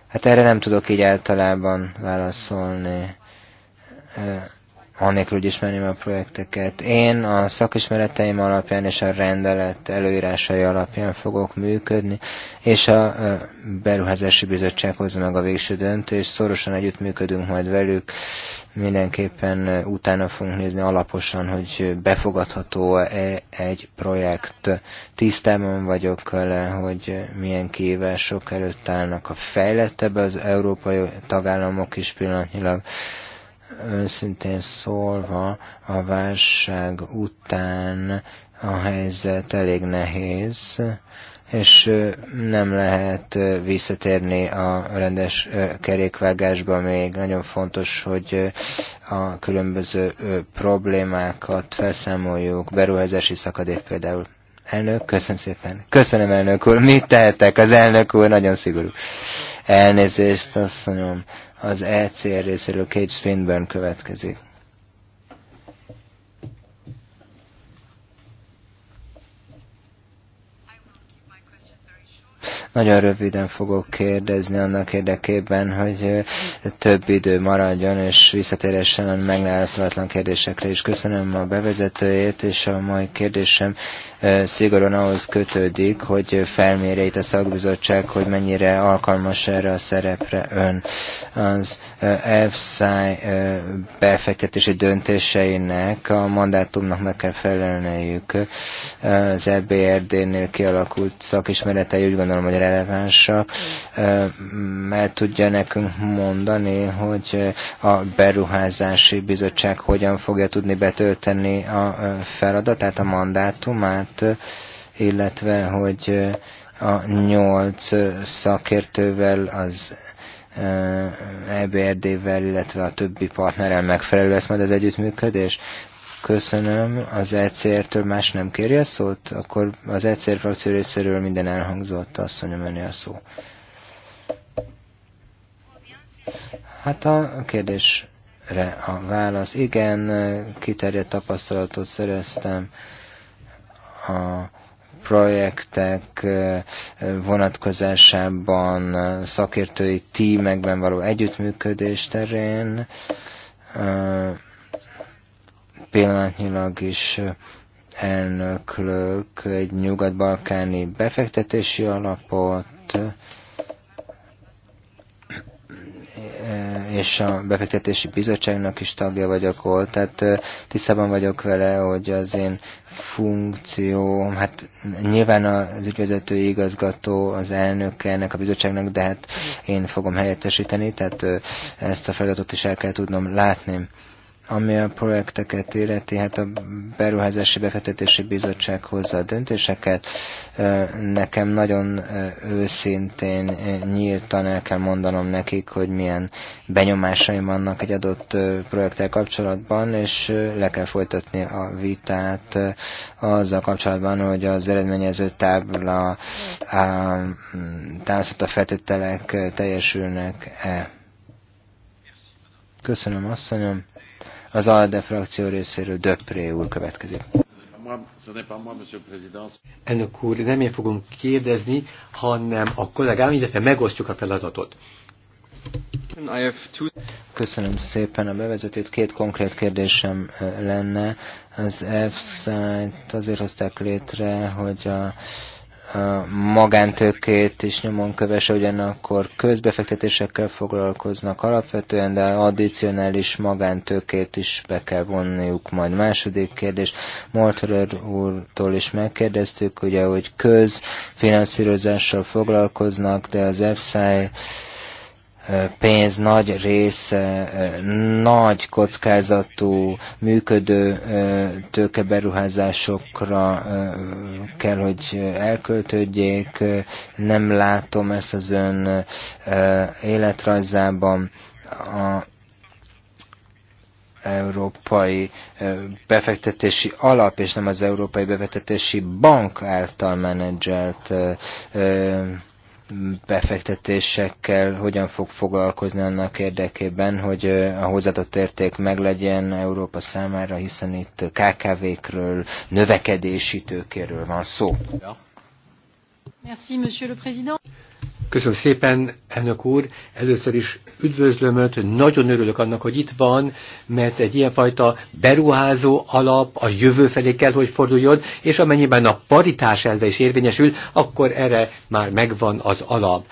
Hát erre nem tudok így általában válaszolni anélkül, hogy ismerném a projekteket. Én a szakismereteim alapján és a rendelet előírásai alapján fogok működni, és a Beruházási Bizottság hozza meg a végső döntést, szorosan együttműködünk majd velük, mindenképpen utána fogunk nézni alaposan, hogy befogadható-e egy projekt. Tisztában vagyok vele, hogy milyen kívások előtt állnak a fejlettebb az európai tagállamok is pillanatnyilag, Őszintén szólva, a válság után a helyzet elég nehéz, és nem lehet visszatérni a rendes kerékvágásba még. Nagyon fontos, hogy a különböző problémákat felszámoljuk, beruházási szakadék például. Elnök, köszönöm szépen. Köszönöm, elnök úr. Mit tehetek? Az elnök úr nagyon szigorú. Elnézést, azt mondom, az ECR részéről Kate Swinburne következik. Nagyon röviden fogok kérdezni annak érdekében, hogy több idő maradjon, és visszatérésen a megválaszolatlan kérdésekre is. Köszönöm a bevezetőjét, és a mai kérdésem szigorúan ahhoz kötődik, hogy felmérje itt a szakbizottság, hogy mennyire alkalmas erre a szerepre ön. Az EFSZÁJ befektetési döntéseinek a mandátumnak meg kell felelniük. Az EBRD-nél kialakult szakismeretei úgy gondolom, hogy relevánsak, mert tudja nekünk mondani, hogy a beruházási bizottság hogyan fogja tudni betölteni a feladatát, a mandátumát, illetve hogy a nyolc szakértővel, az EBRD-vel, illetve a többi partnerrel megfelelő lesz majd az együttműködés. Köszönöm. Az ECR-től más nem kérje a szót? Akkor az ECR frakció részéről minden elhangzott, azt mondjam önni a szó. Hát a kérdésre a válasz. Igen, kiterjedt tapasztalatot szereztem a projektek vonatkozásában, szakértői tímekben való együttműködés terén pillanatnyilag is elnöklök egy nyugat-balkáni befektetési alapot, és a befektetési bizottságnak is tagja vagyok ott, tehát tisztában vagyok vele, hogy az én funkcióm, hát nyilván az ügyvezető igazgató, az elnöke ennek a bizottságnak, de hát én fogom helyettesíteni, tehát ezt a feladatot is el kell tudnom látni. Ami a projekteket illeti, hát a Beruházási Befektetési Bizottság hozza a döntéseket. Nekem nagyon őszintén, nyíltan el kell mondanom nekik, hogy milyen benyomásaim vannak egy adott projekttel kapcsolatban, és le kell folytatni a vitát azzal kapcsolatban, hogy az eredményező tábla támaszott a feltételek teljesülnek-e. Köszönöm, asszonyom. Az ALDE frakció részéről Döpré úr következik. Elnök úr, nem én fogom kérdezni, hanem a kollégám, illetve megosztjuk a feladatot. Köszönöm szépen a bevezetőt. Két konkrét kérdésem eh, lenne. Az f azért hozták létre, hogy a magántőkét is nyomon kövesse, ugyanakkor közbefektetésekkel foglalkoznak alapvetően, de addicionális magántőkét is be kell vonniuk majd. Második kérdés, Mortler úrtól is megkérdeztük, ugye, hogy közfinanszírozással foglalkoznak, de az EFSAI pénz nagy része nagy kockázatú, működő tőkeberuházásokra kell, hogy elköltődjék. Nem látom ezt az ön életrajzában. A Európai Befektetési Alap és nem az Európai Befektetési Bank által menedzselt befektetésekkel hogyan fog foglalkozni annak érdekében, hogy a hozzáadott érték meglegyen Európa számára, hiszen itt KKV-kről, növekedési tőkéről van szó. Merci, monsieur le président. Köszönöm szépen, elnök úr. Először is üdvözlöm önt, nagyon örülök annak, hogy itt van, mert egy ilyenfajta beruházó alap a jövő felé kell, hogy forduljon, és amennyiben a paritás elve is érvényesül, akkor erre már megvan az alap.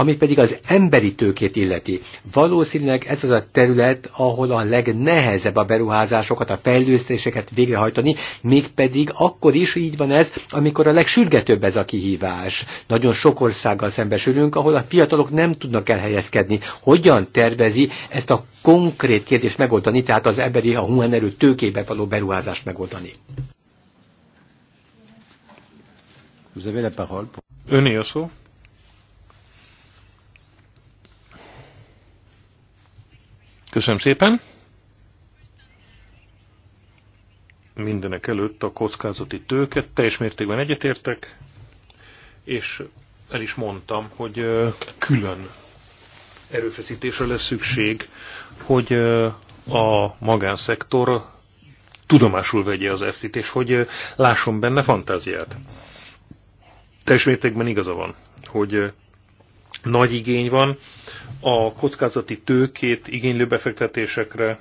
Ami pedig az emberi tőkét illeti, valószínűleg ez az a terület, ahol a legnehezebb a beruházásokat, a fejlőztéseket végrehajtani, mégpedig akkor is így van ez, amikor a legsürgetőbb ez a kihívás. Nagyon sok országgal szembesülünk, ahol a fiatalok nem tudnak elhelyezkedni. Hogyan tervezi ezt a konkrét kérdést megoldani, tehát az emberi, a humanerő tőkébe való beruházást megoldani? Ön a szó. Köszönöm szépen. Mindenek előtt a kockázati tőket teljes mértékben egyetértek, és el is mondtam, hogy külön erőfeszítésre lesz szükség, hogy a magánszektor tudomásul vegye az EFSZ-t, és hogy lásson benne fantáziát. Teljes mértékben igaza van, hogy nagy igény van a kockázati tőkét igénylő befektetésekre.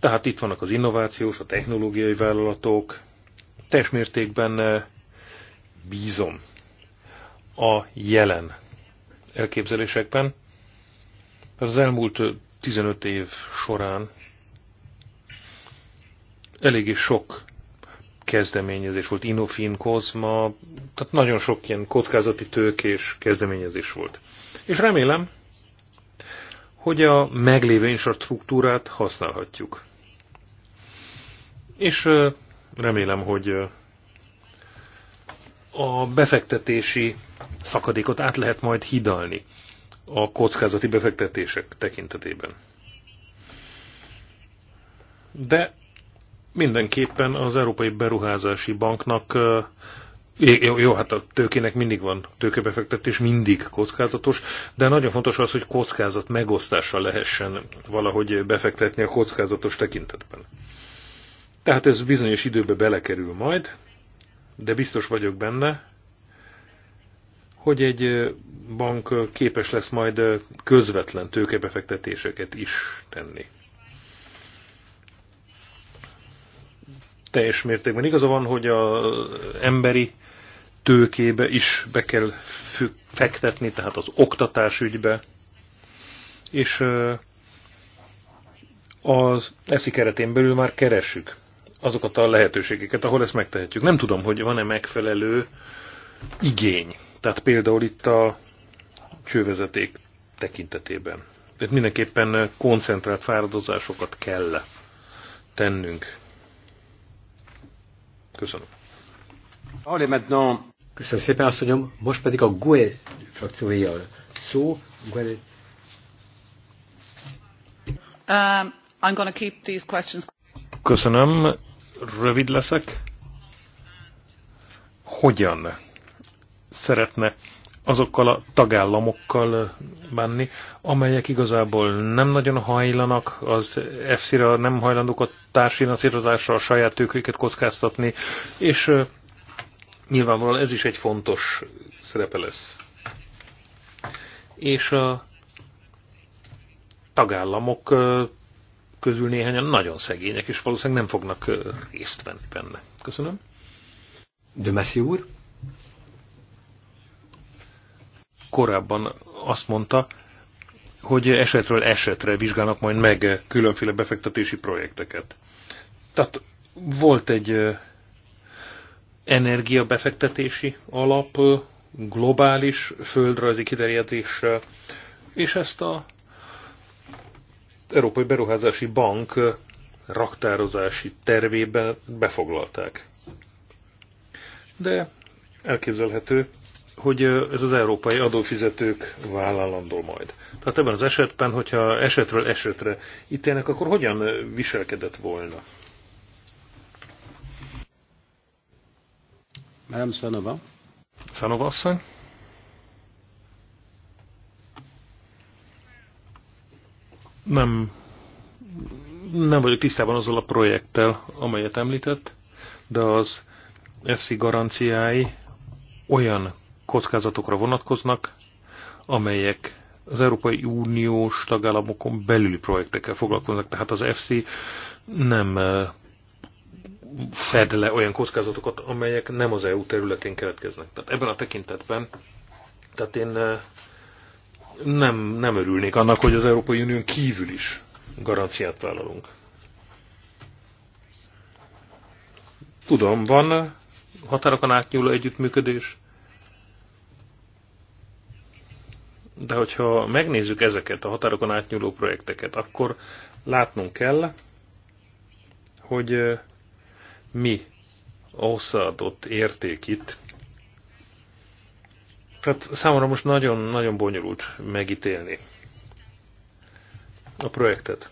Tehát itt vannak az innovációs, a technológiai vállalatok. Teljes mértékben eh, bízom a jelen elképzelésekben. Az elmúlt 15 eh, év során eléggé sok kezdeményezés volt, Inofin, Kozma, tehát nagyon sok ilyen kockázati tőkés kezdeményezés volt. És remélem, hogy a meglévő infrastruktúrát használhatjuk. És remélem, hogy a befektetési szakadékot át lehet majd hidalni a kockázati befektetések tekintetében. De mindenképpen az Európai Beruházási Banknak jó, jó, hát a tőkének mindig van tőkebefektetés, mindig kockázatos, de nagyon fontos az, hogy kockázat megosztással lehessen valahogy befektetni a kockázatos tekintetben. Tehát ez bizonyos időbe belekerül majd, de biztos vagyok benne, hogy egy bank képes lesz majd közvetlen tőkebefektetéseket is tenni. teljes mértékben igaza van, hogy az emberi tőkébe is be kell fektetni, tehát az oktatás ügybe. és az eszi keretén belül már keressük azokat a lehetőségeket, ahol ezt megtehetjük. Nem tudom, hogy van-e megfelelő igény. Tehát például itt a csővezeték tekintetében. Tehát mindenképpen koncentrált fáradozásokat kell tennünk. Köszönöm. Allez maintenant. Köszönöm szépen, asszonyom. Most pedig a GUE frakciója szó. GUE... Um, I'm gonna keep these questions. Köszönöm. Rövid leszek. Hogyan szeretne azokkal a tagállamokkal bánni, amelyek igazából nem nagyon hajlanak az EFSZ-re, nem hajlandók a társfinanszírozásra, a saját tőkéket kockáztatni, és nyilvánvalóan ez is egy fontos szerepe lesz. És a tagállamok közül néhányan nagyon szegények, és valószínűleg nem fognak részt venni benne. Köszönöm. De Messi úr? korábban azt mondta, hogy esetről esetre vizsgálnak majd meg különféle befektetési projekteket. Tehát volt egy energiabefektetési alap, globális földrajzi kiterjedéssel, és ezt a Európai Beruházási Bank raktározási tervében befoglalták. De elképzelhető, hogy ez az európai adófizetők vállalandó majd. Tehát ebben az esetben, hogyha esetről esetre ítélnek, akkor hogyan viselkedett volna? Madame Sanova. Sanova asszony. Nem, nem vagyok tisztában azzal a projekttel, amelyet említett, de az FC garanciái olyan kockázatokra vonatkoznak, amelyek az Európai Uniós tagállamokon belüli projektekkel foglalkoznak, tehát az FC nem eh, fed le olyan kockázatokat, amelyek nem az EU területén keletkeznek. Tehát ebben a tekintetben, tehát én eh, nem, nem örülnék annak, hogy az Európai Unión kívül is garanciát vállalunk. Tudom, van határokon átnyúló együttműködés, De hogyha megnézzük ezeket a határokon átnyúló projekteket, akkor látnunk kell, hogy mi a hozzáadott érték itt. Tehát számomra most nagyon-nagyon bonyolult megítélni a projektet.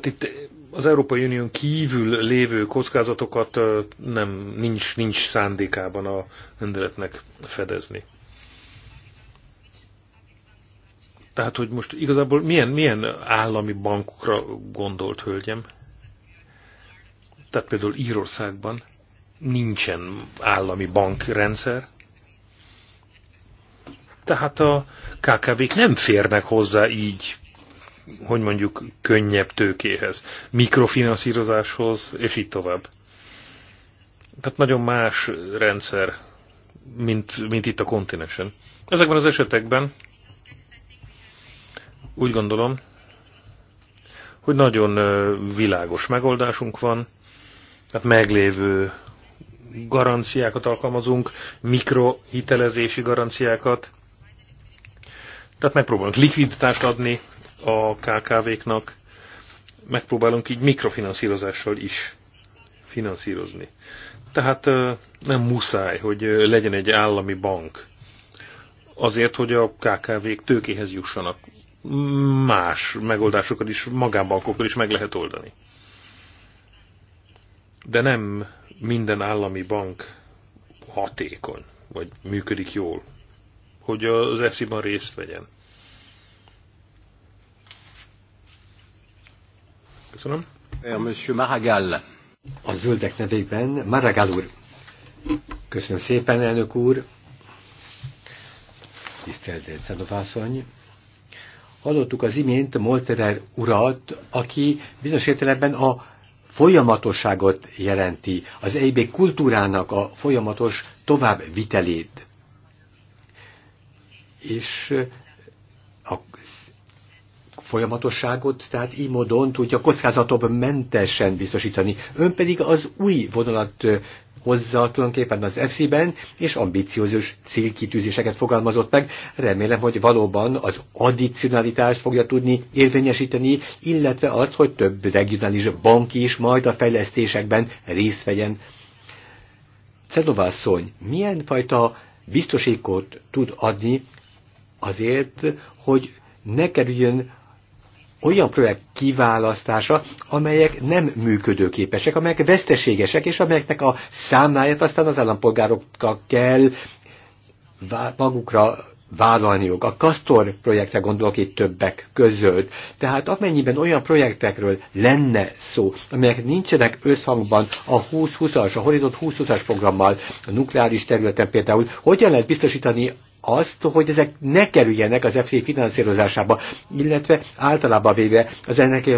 Tehát itt az Európai Unión kívül lévő kockázatokat nem, nincs, nincs szándékában a rendeletnek fedezni. Tehát, hogy most igazából milyen, milyen állami bankokra gondolt, hölgyem? Tehát például Írországban nincsen állami bankrendszer. Tehát a KKV-k nem férnek hozzá így hogy mondjuk könnyebb tőkéhez, mikrofinanszírozáshoz, és így tovább. Tehát nagyon más rendszer, mint, mint itt a kontinensen. Ezekben az esetekben úgy gondolom, hogy nagyon világos megoldásunk van, tehát meglévő garanciákat alkalmazunk, mikrohitelezési garanciákat, tehát megpróbálunk likviditást adni a KKV-knak, megpróbálunk így mikrofinanszírozással is finanszírozni. Tehát nem muszáj, hogy legyen egy állami bank azért, hogy a KKV-k tőkéhez jussanak. Más megoldásokat is, magánbankokkal is meg lehet oldani. De nem minden állami bank hatékony, vagy működik jól, hogy az ESZI-ban részt vegyen. Köszönöm. Monsieur Maragall. A zöldek nevében Maragall úr. Köszönöm szépen, elnök úr. Tisztelt Szenovászony. Hallottuk az imént Molterer urat, aki bizonyos értelemben a folyamatosságot jelenti, az EIB kultúrának a folyamatos továbbvitelét. És folyamatosságot, tehát így módon tudja kockázatobb mentesen biztosítani. Ön pedig az új vonalat hozza tulajdonképpen az EFSI-ben, és ambiciózus célkitűzéseket fogalmazott meg. Remélem, hogy valóban az addicionalitást fogja tudni érvényesíteni, illetve azt, hogy több regionális bank is majd a fejlesztésekben részt vegyen. Cedovászony, milyen fajta biztosítót tud adni azért, hogy ne kerüljön olyan projekt kiválasztása, amelyek nem működőképesek, amelyek veszteségesek, és amelyeknek a számláját aztán az állampolgárokkal kell magukra vállalniuk. A Kastor projektre gondolok itt többek között. Tehát amennyiben olyan projektekről lenne szó, amelyek nincsenek összhangban a 2020-as, a Horizont 2020-as programmal, a nukleáris területen például, hogyan lehet biztosítani azt, hogy ezek ne kerüljenek az FCI finanszírozásába, illetve általában véve az ennek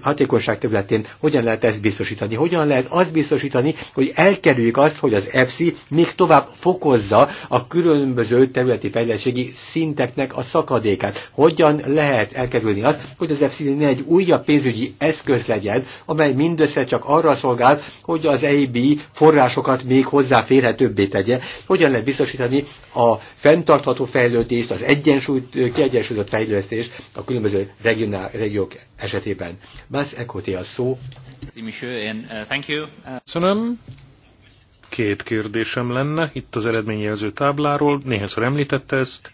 hatékonyság területén hogyan lehet ezt biztosítani, hogyan lehet azt biztosítani, hogy elkerüljük azt, hogy az EPSI még tovább fokozza a különböző területi fejlettségi szinteknek a szakadékát. Hogyan lehet elkerülni azt, hogy az EPSI ne egy újabb pénzügyi eszköz legyen, amely mindössze csak arra szolgál, hogy az EIB forrásokat még hozzáférhetőbbé tegye. Hogyan lehet biztosítani a fent fenntartható fejlődést, az egyensúlyt, kiegyensúlyozott fejlődést a különböző regionál, régiók esetében. Bász Ekoté a szó. Uh, uh, Köszönöm. Két kérdésem lenne, itt az eredményjelző tábláról, néhányszor említette ezt.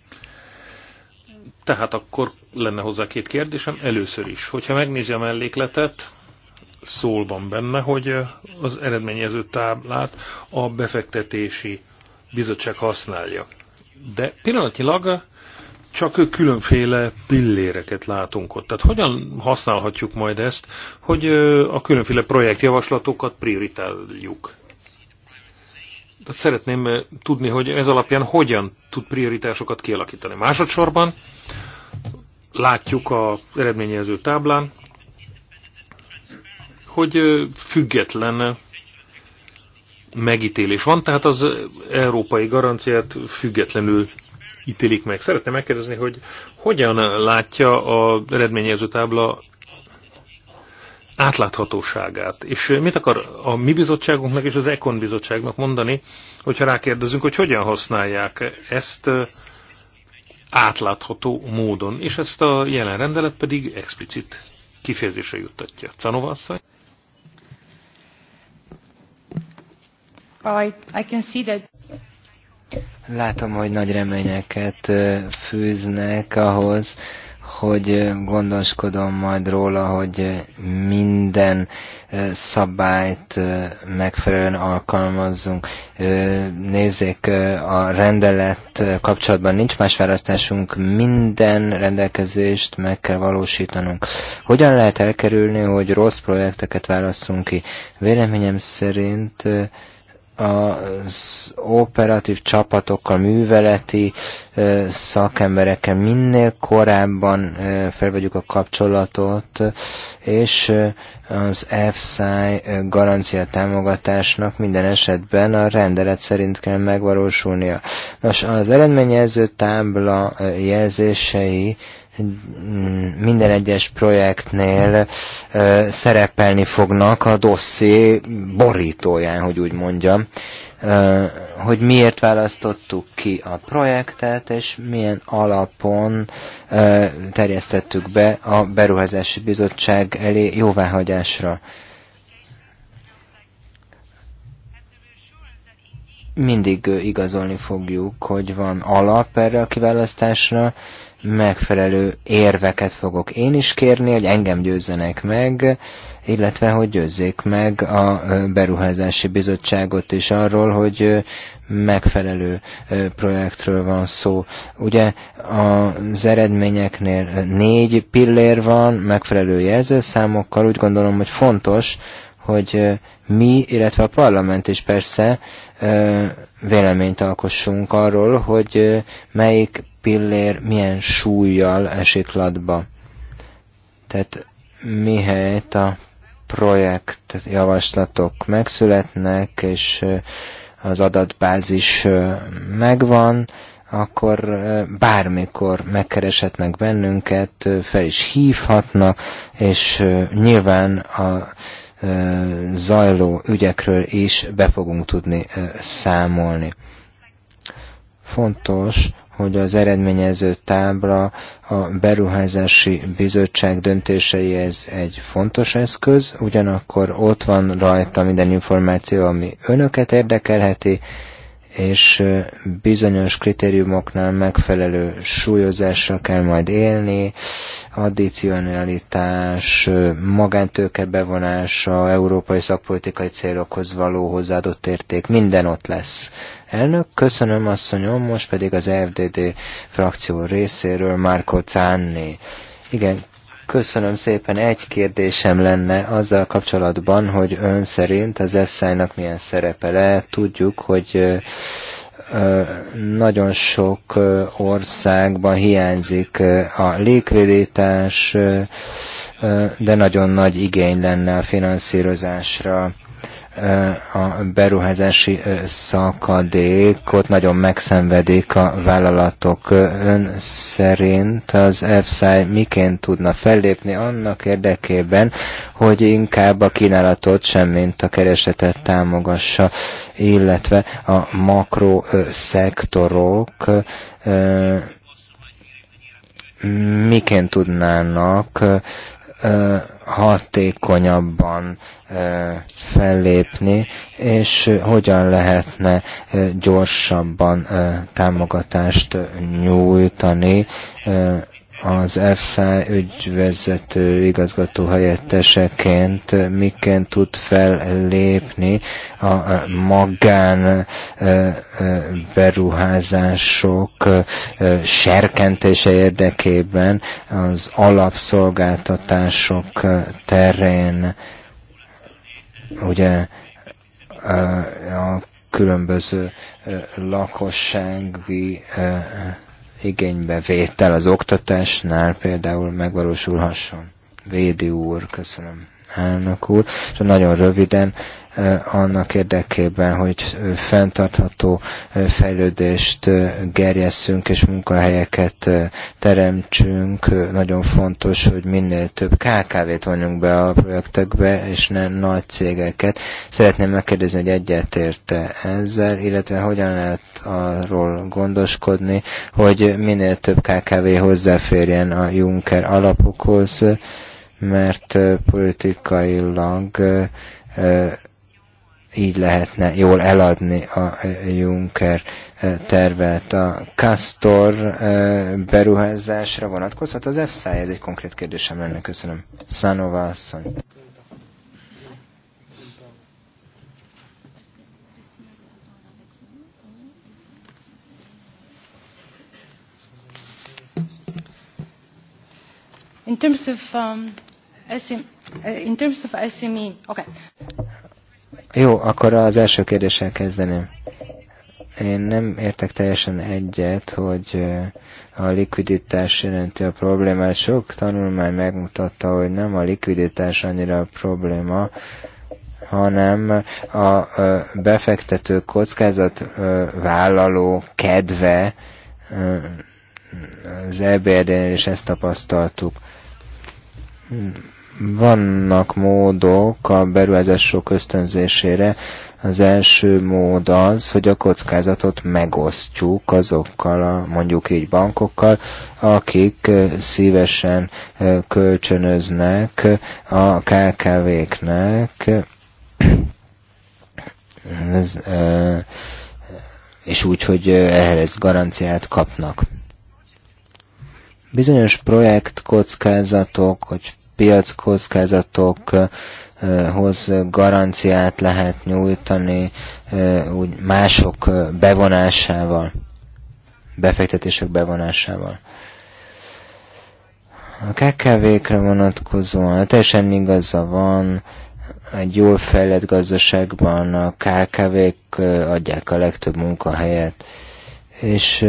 Tehát akkor lenne hozzá két kérdésem. Először is, hogyha megnézi a mellékletet, szól van benne, hogy uh, az eredményező táblát a befektetési bizottság használja de pillanatnyilag csak különféle pilléreket látunk ott. Tehát hogyan használhatjuk majd ezt, hogy a különféle projektjavaslatokat prioritáljuk? Tehát szeretném tudni, hogy ez alapján hogyan tud prioritásokat kialakítani. Másodszorban látjuk a eredményező táblán, hogy független megítélés van, tehát az európai garanciát függetlenül ítélik meg. Szeretném megkérdezni, hogy hogyan látja a eredményező tábla átláthatóságát. És mit akar a mi bizottságunknak és az Econ bizottságnak mondani, hogyha rákérdezünk, hogy hogyan használják ezt átlátható módon. És ezt a jelen rendelet pedig explicit kifejezésre juttatja. Canova asszony? Látom, hogy nagy reményeket fűznek ahhoz, hogy gondoskodom majd róla, hogy minden szabályt megfelelően alkalmazzunk. Nézzék, a rendelet kapcsolatban nincs más választásunk, minden rendelkezést meg kell valósítanunk. Hogyan lehet elkerülni, hogy rossz projekteket válasszunk ki? Véleményem szerint az operatív csapatokkal, műveleti szakemberekkel minél korábban felvegyük a kapcsolatot, és az FSI garancia támogatásnak minden esetben a rendelet szerint kell megvalósulnia. Nos, az eredményező tábla jelzései minden egyes projektnél szerepelni fognak a dosszié borítóján, hogy úgy mondjam, hogy miért választottuk ki a projektet, és milyen alapon terjesztettük be a Beruházási Bizottság elé jóváhagyásra. Mindig igazolni fogjuk, hogy van alap erre a kiválasztásra, megfelelő érveket fogok én is kérni, hogy engem győzzenek meg, illetve hogy győzzék meg a beruházási bizottságot is arról, hogy megfelelő projektről van szó. Ugye az eredményeknél négy pillér van, megfelelő jelzőszámokkal, úgy gondolom, hogy fontos, hogy mi, illetve a parlament is persze véleményt alkossunk arról, hogy melyik pillér milyen súlyjal esik latba. Tehát mihelyt a projekt javaslatok megszületnek, és az adatbázis megvan, akkor bármikor megkereshetnek bennünket, fel is hívhatnak, és nyilván a zajló ügyekről is be fogunk tudni számolni. Fontos, hogy az eredményező tábla a beruházási bizottság ez egy fontos eszköz, ugyanakkor ott van rajta minden információ, ami önöket érdekelheti, és bizonyos kritériumoknál megfelelő súlyozással kell majd élni, addicionalitás, magántőke bevonása, európai szakpolitikai célokhoz való hozzáadott érték, minden ott lesz. Elnök, köszönöm asszonyom, most pedig az FDD frakció részéről Márko Cánni. Igen, Köszönöm szépen. Egy kérdésem lenne azzal kapcsolatban, hogy ön szerint az EFSA-nak milyen szerepe le. Tudjuk, hogy nagyon sok országban hiányzik a légvédítás, de nagyon nagy igény lenne a finanszírozásra a beruházási szakadékot nagyon megszenvedik a vállalatok. Ön szerint az EFSI miként tudna fellépni annak érdekében, hogy inkább a kínálatot sem, mint a keresetet támogassa, illetve a makro szektorok miként tudnának hatékonyabban fellépni, és hogyan lehetne gyorsabban támogatást nyújtani az EFSA ügyvezető igazgató helyetteseként miként tud fellépni a magán e, e, beruházások e, serkentése érdekében az alapszolgáltatások terén. Ugye a különböző lakossági vétel az oktatásnál például megvalósulhasson. Védi úr, köszönöm elnök úr, és nagyon röviden annak érdekében, hogy fenntartható fejlődést gerjesszünk és munkahelyeket teremtsünk. Nagyon fontos, hogy minél több KKV-t vonjunk be a projektekbe, és ne nagy cégeket. Szeretném megkérdezni, hogy egyetérte ezzel, illetve hogyan lehet arról gondoskodni, hogy minél több KKV hozzáférjen a Juncker alapokhoz, mert politikailag így lehetne jól eladni a e, Juncker e, tervet. A Castor e, beruházásra vonatkozhat az EFSA? Ez egy konkrét kérdésem lenne. Köszönöm. Szanova asszony. In terms of um, SM, uh, in terms of SME, okay. Jó, akkor az első kérdéssel kezdeném. Én nem értek teljesen egyet, hogy a likviditás jelenti a problémát. Sok tanulmány megmutatta, hogy nem a likviditás annyira a probléma, hanem a befektető kockázat vállaló kedve az EBRD-nél is ezt tapasztaltuk. Vannak módok a beruházások ösztönzésére. Az első mód az, hogy a kockázatot megosztjuk azokkal a mondjuk így bankokkal, akik szívesen kölcsönöznek a KKV-knek. Ez, és úgy, hogy ehhez garanciát kapnak. Bizonyos kockázatok, hogy piackockázatok,hoz garanciát lehet nyújtani úgy mások bevonásával, befektetések bevonásával. A KKV-kre vonatkozóan teljesen igaza van, egy jól fejlett gazdaságban a KKV-k adják a legtöbb munkahelyet, és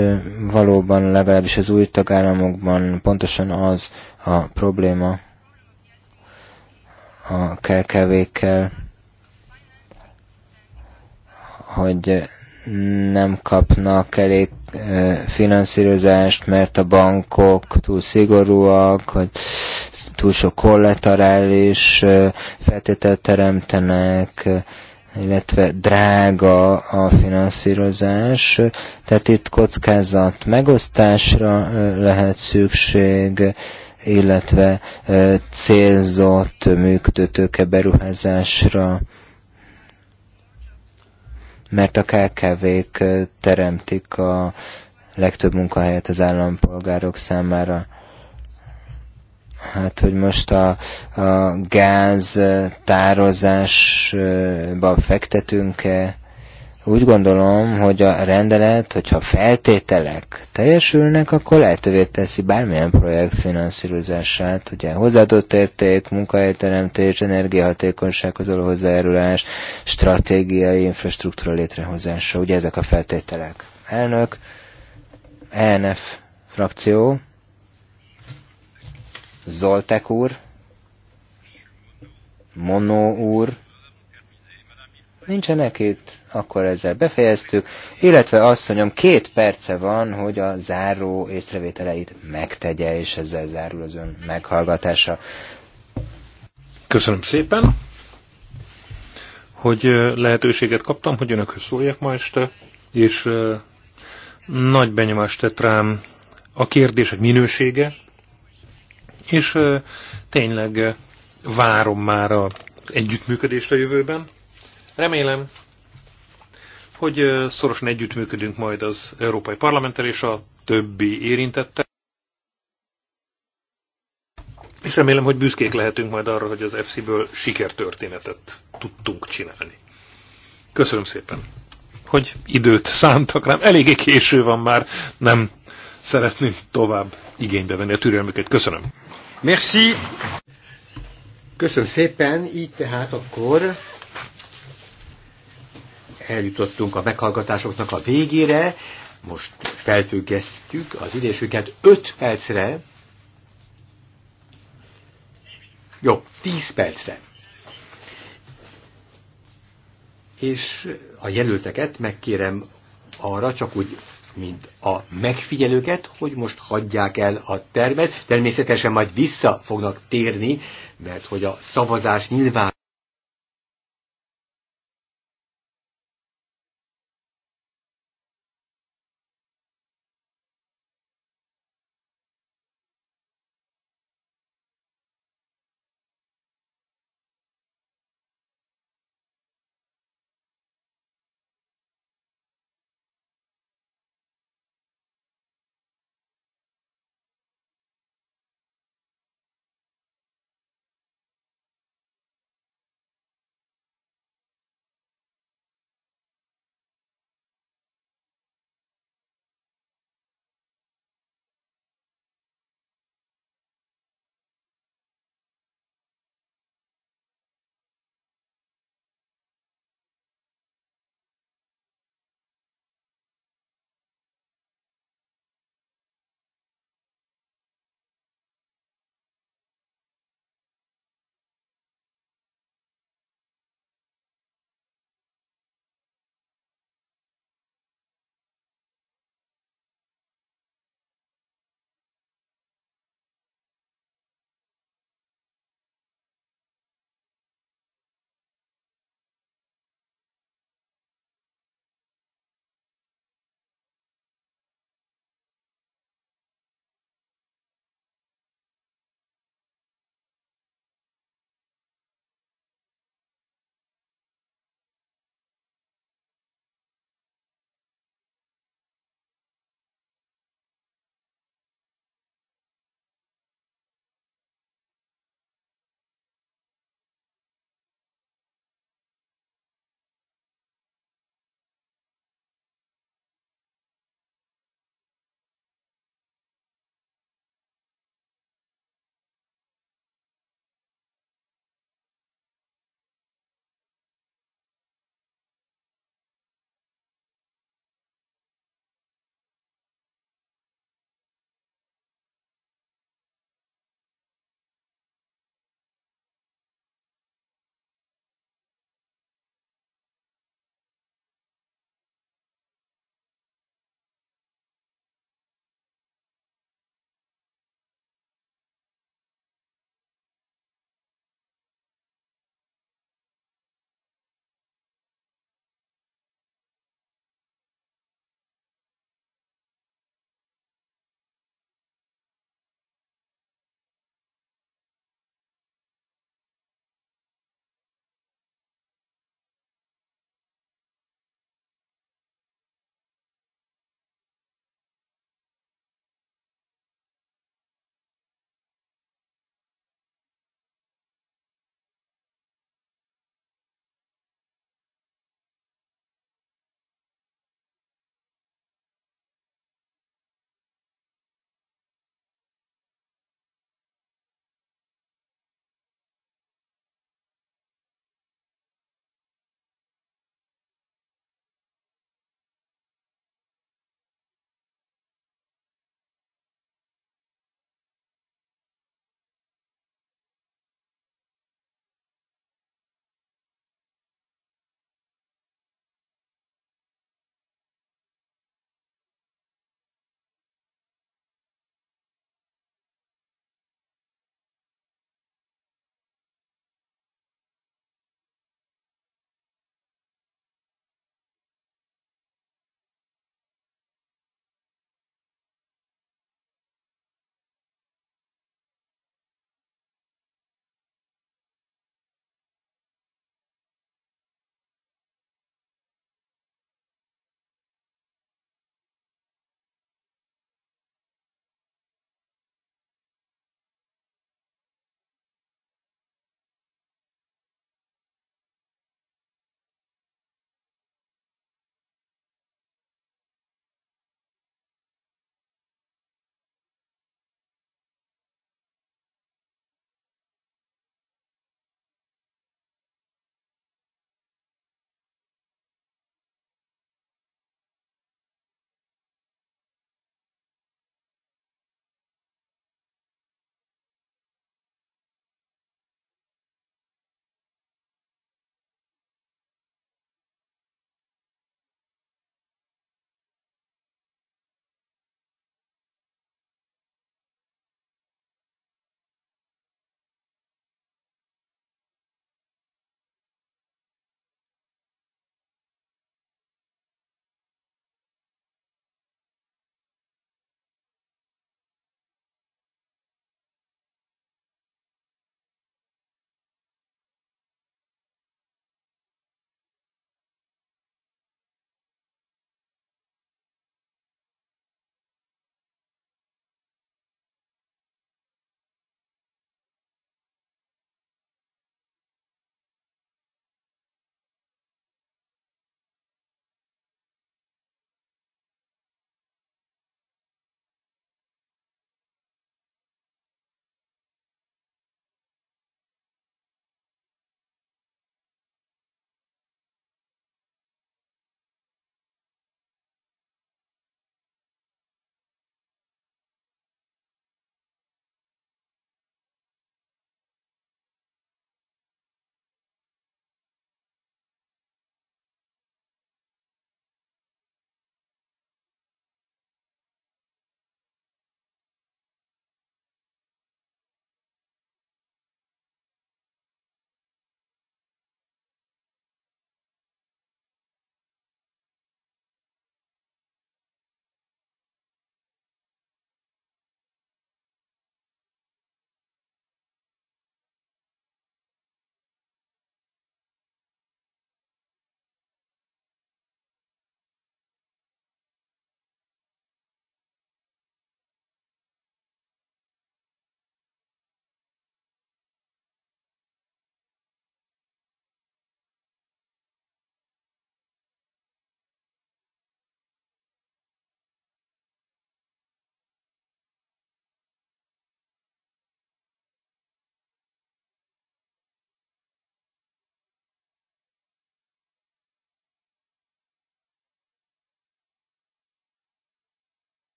valóban legalábbis az új tagállamokban pontosan az a probléma, a KKV-kkel, hogy nem kapnak elég finanszírozást, mert a bankok túl szigorúak, hogy túl sok kollaterális feltételt teremtenek, illetve drága a finanszírozás, tehát itt kockázat megosztásra lehet szükség, illetve célzott működőtőke beruházásra, mert a KKV-k teremtik a legtöbb munkahelyet az állampolgárok számára. Hát, hogy most a, a gáz tározásba fektetünk-e, úgy gondolom, hogy a rendelet, hogyha feltételek teljesülnek, akkor lehetővé teszi bármilyen projekt finanszírozását, ugye hozzáadott érték, munkahelyteremtés, energiahatékonysághoz való hozzájárulás, stratégiai infrastruktúra létrehozása, ugye ezek a feltételek. Elnök, ENF frakció, Zoltek úr, Monó úr, nincsenek itt akkor ezzel befejeztük, illetve asszonyom két perce van, hogy a záró észrevételeit megtegye, és ezzel zárul az ön meghallgatása. Köszönöm szépen, hogy lehetőséget kaptam, hogy önökhöz szóljak ma este, és nagy benyomást tett rám a kérdések minősége, és tényleg várom már a együttműködést a jövőben. Remélem, hogy szorosan együttműködünk majd az Európai Parlamenttel és a többi érintettel. És remélem, hogy büszkék lehetünk majd arra, hogy az FC-ből sikertörténetet tudtunk csinálni. Köszönöm szépen, hogy időt szántak rám. Eléggé késő van már, nem szeretném tovább igénybe venni a türelmüket. Köszönöm. Merci. Köszönöm szépen, így tehát akkor eljutottunk a meghallgatásoknak a végére, most felfüggesztjük az idésüket 5 percre, jó, 10 percre. És a jelölteket megkérem arra, csak úgy, mint a megfigyelőket, hogy most hagyják el a termet, természetesen majd vissza fognak térni, mert hogy a szavazás nyilván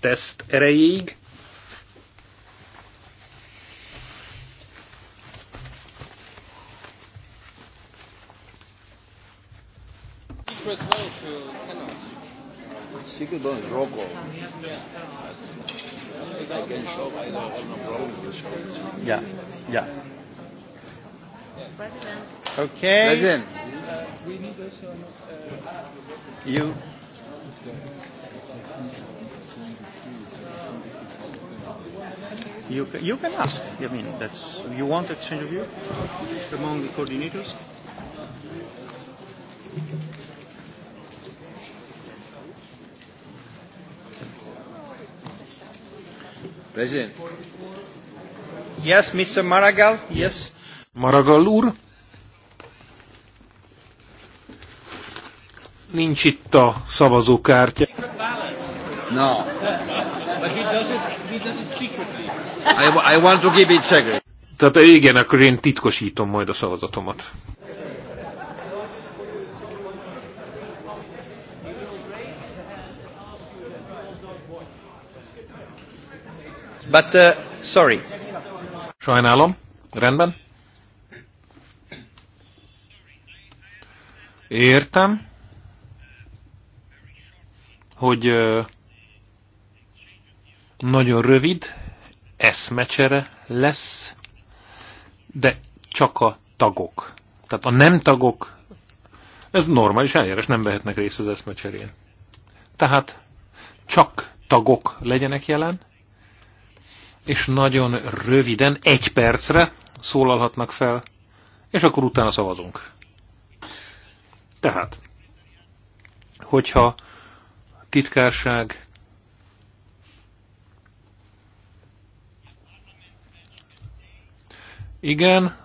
teszt erejéig. Yeah, yeah. President. Okay. President. Uh, uh, you. You, you can ask. I mean, that's you want exchange of view among the coordinators. President. Yes, Mr. Maragall. Yes. Maragallur. Nincs itt a szavazókártya. No. But he does it, he does it secretly. I, I want to keep it secret. Tehát eh, igen, akkor én titkosítom majd a szavazatomat. But, uh, sorry. Sajnálom. Rendben. Értem, hogy uh, nagyon rövid eszmecsere lesz, de csak a tagok. Tehát a nem tagok, ez normális eljárás, nem vehetnek részt az eszmecserén. Tehát csak tagok legyenek jelen, és nagyon röviden, egy percre szólalhatnak fel, és akkor utána szavazunk. Tehát, hogyha titkárság Igen.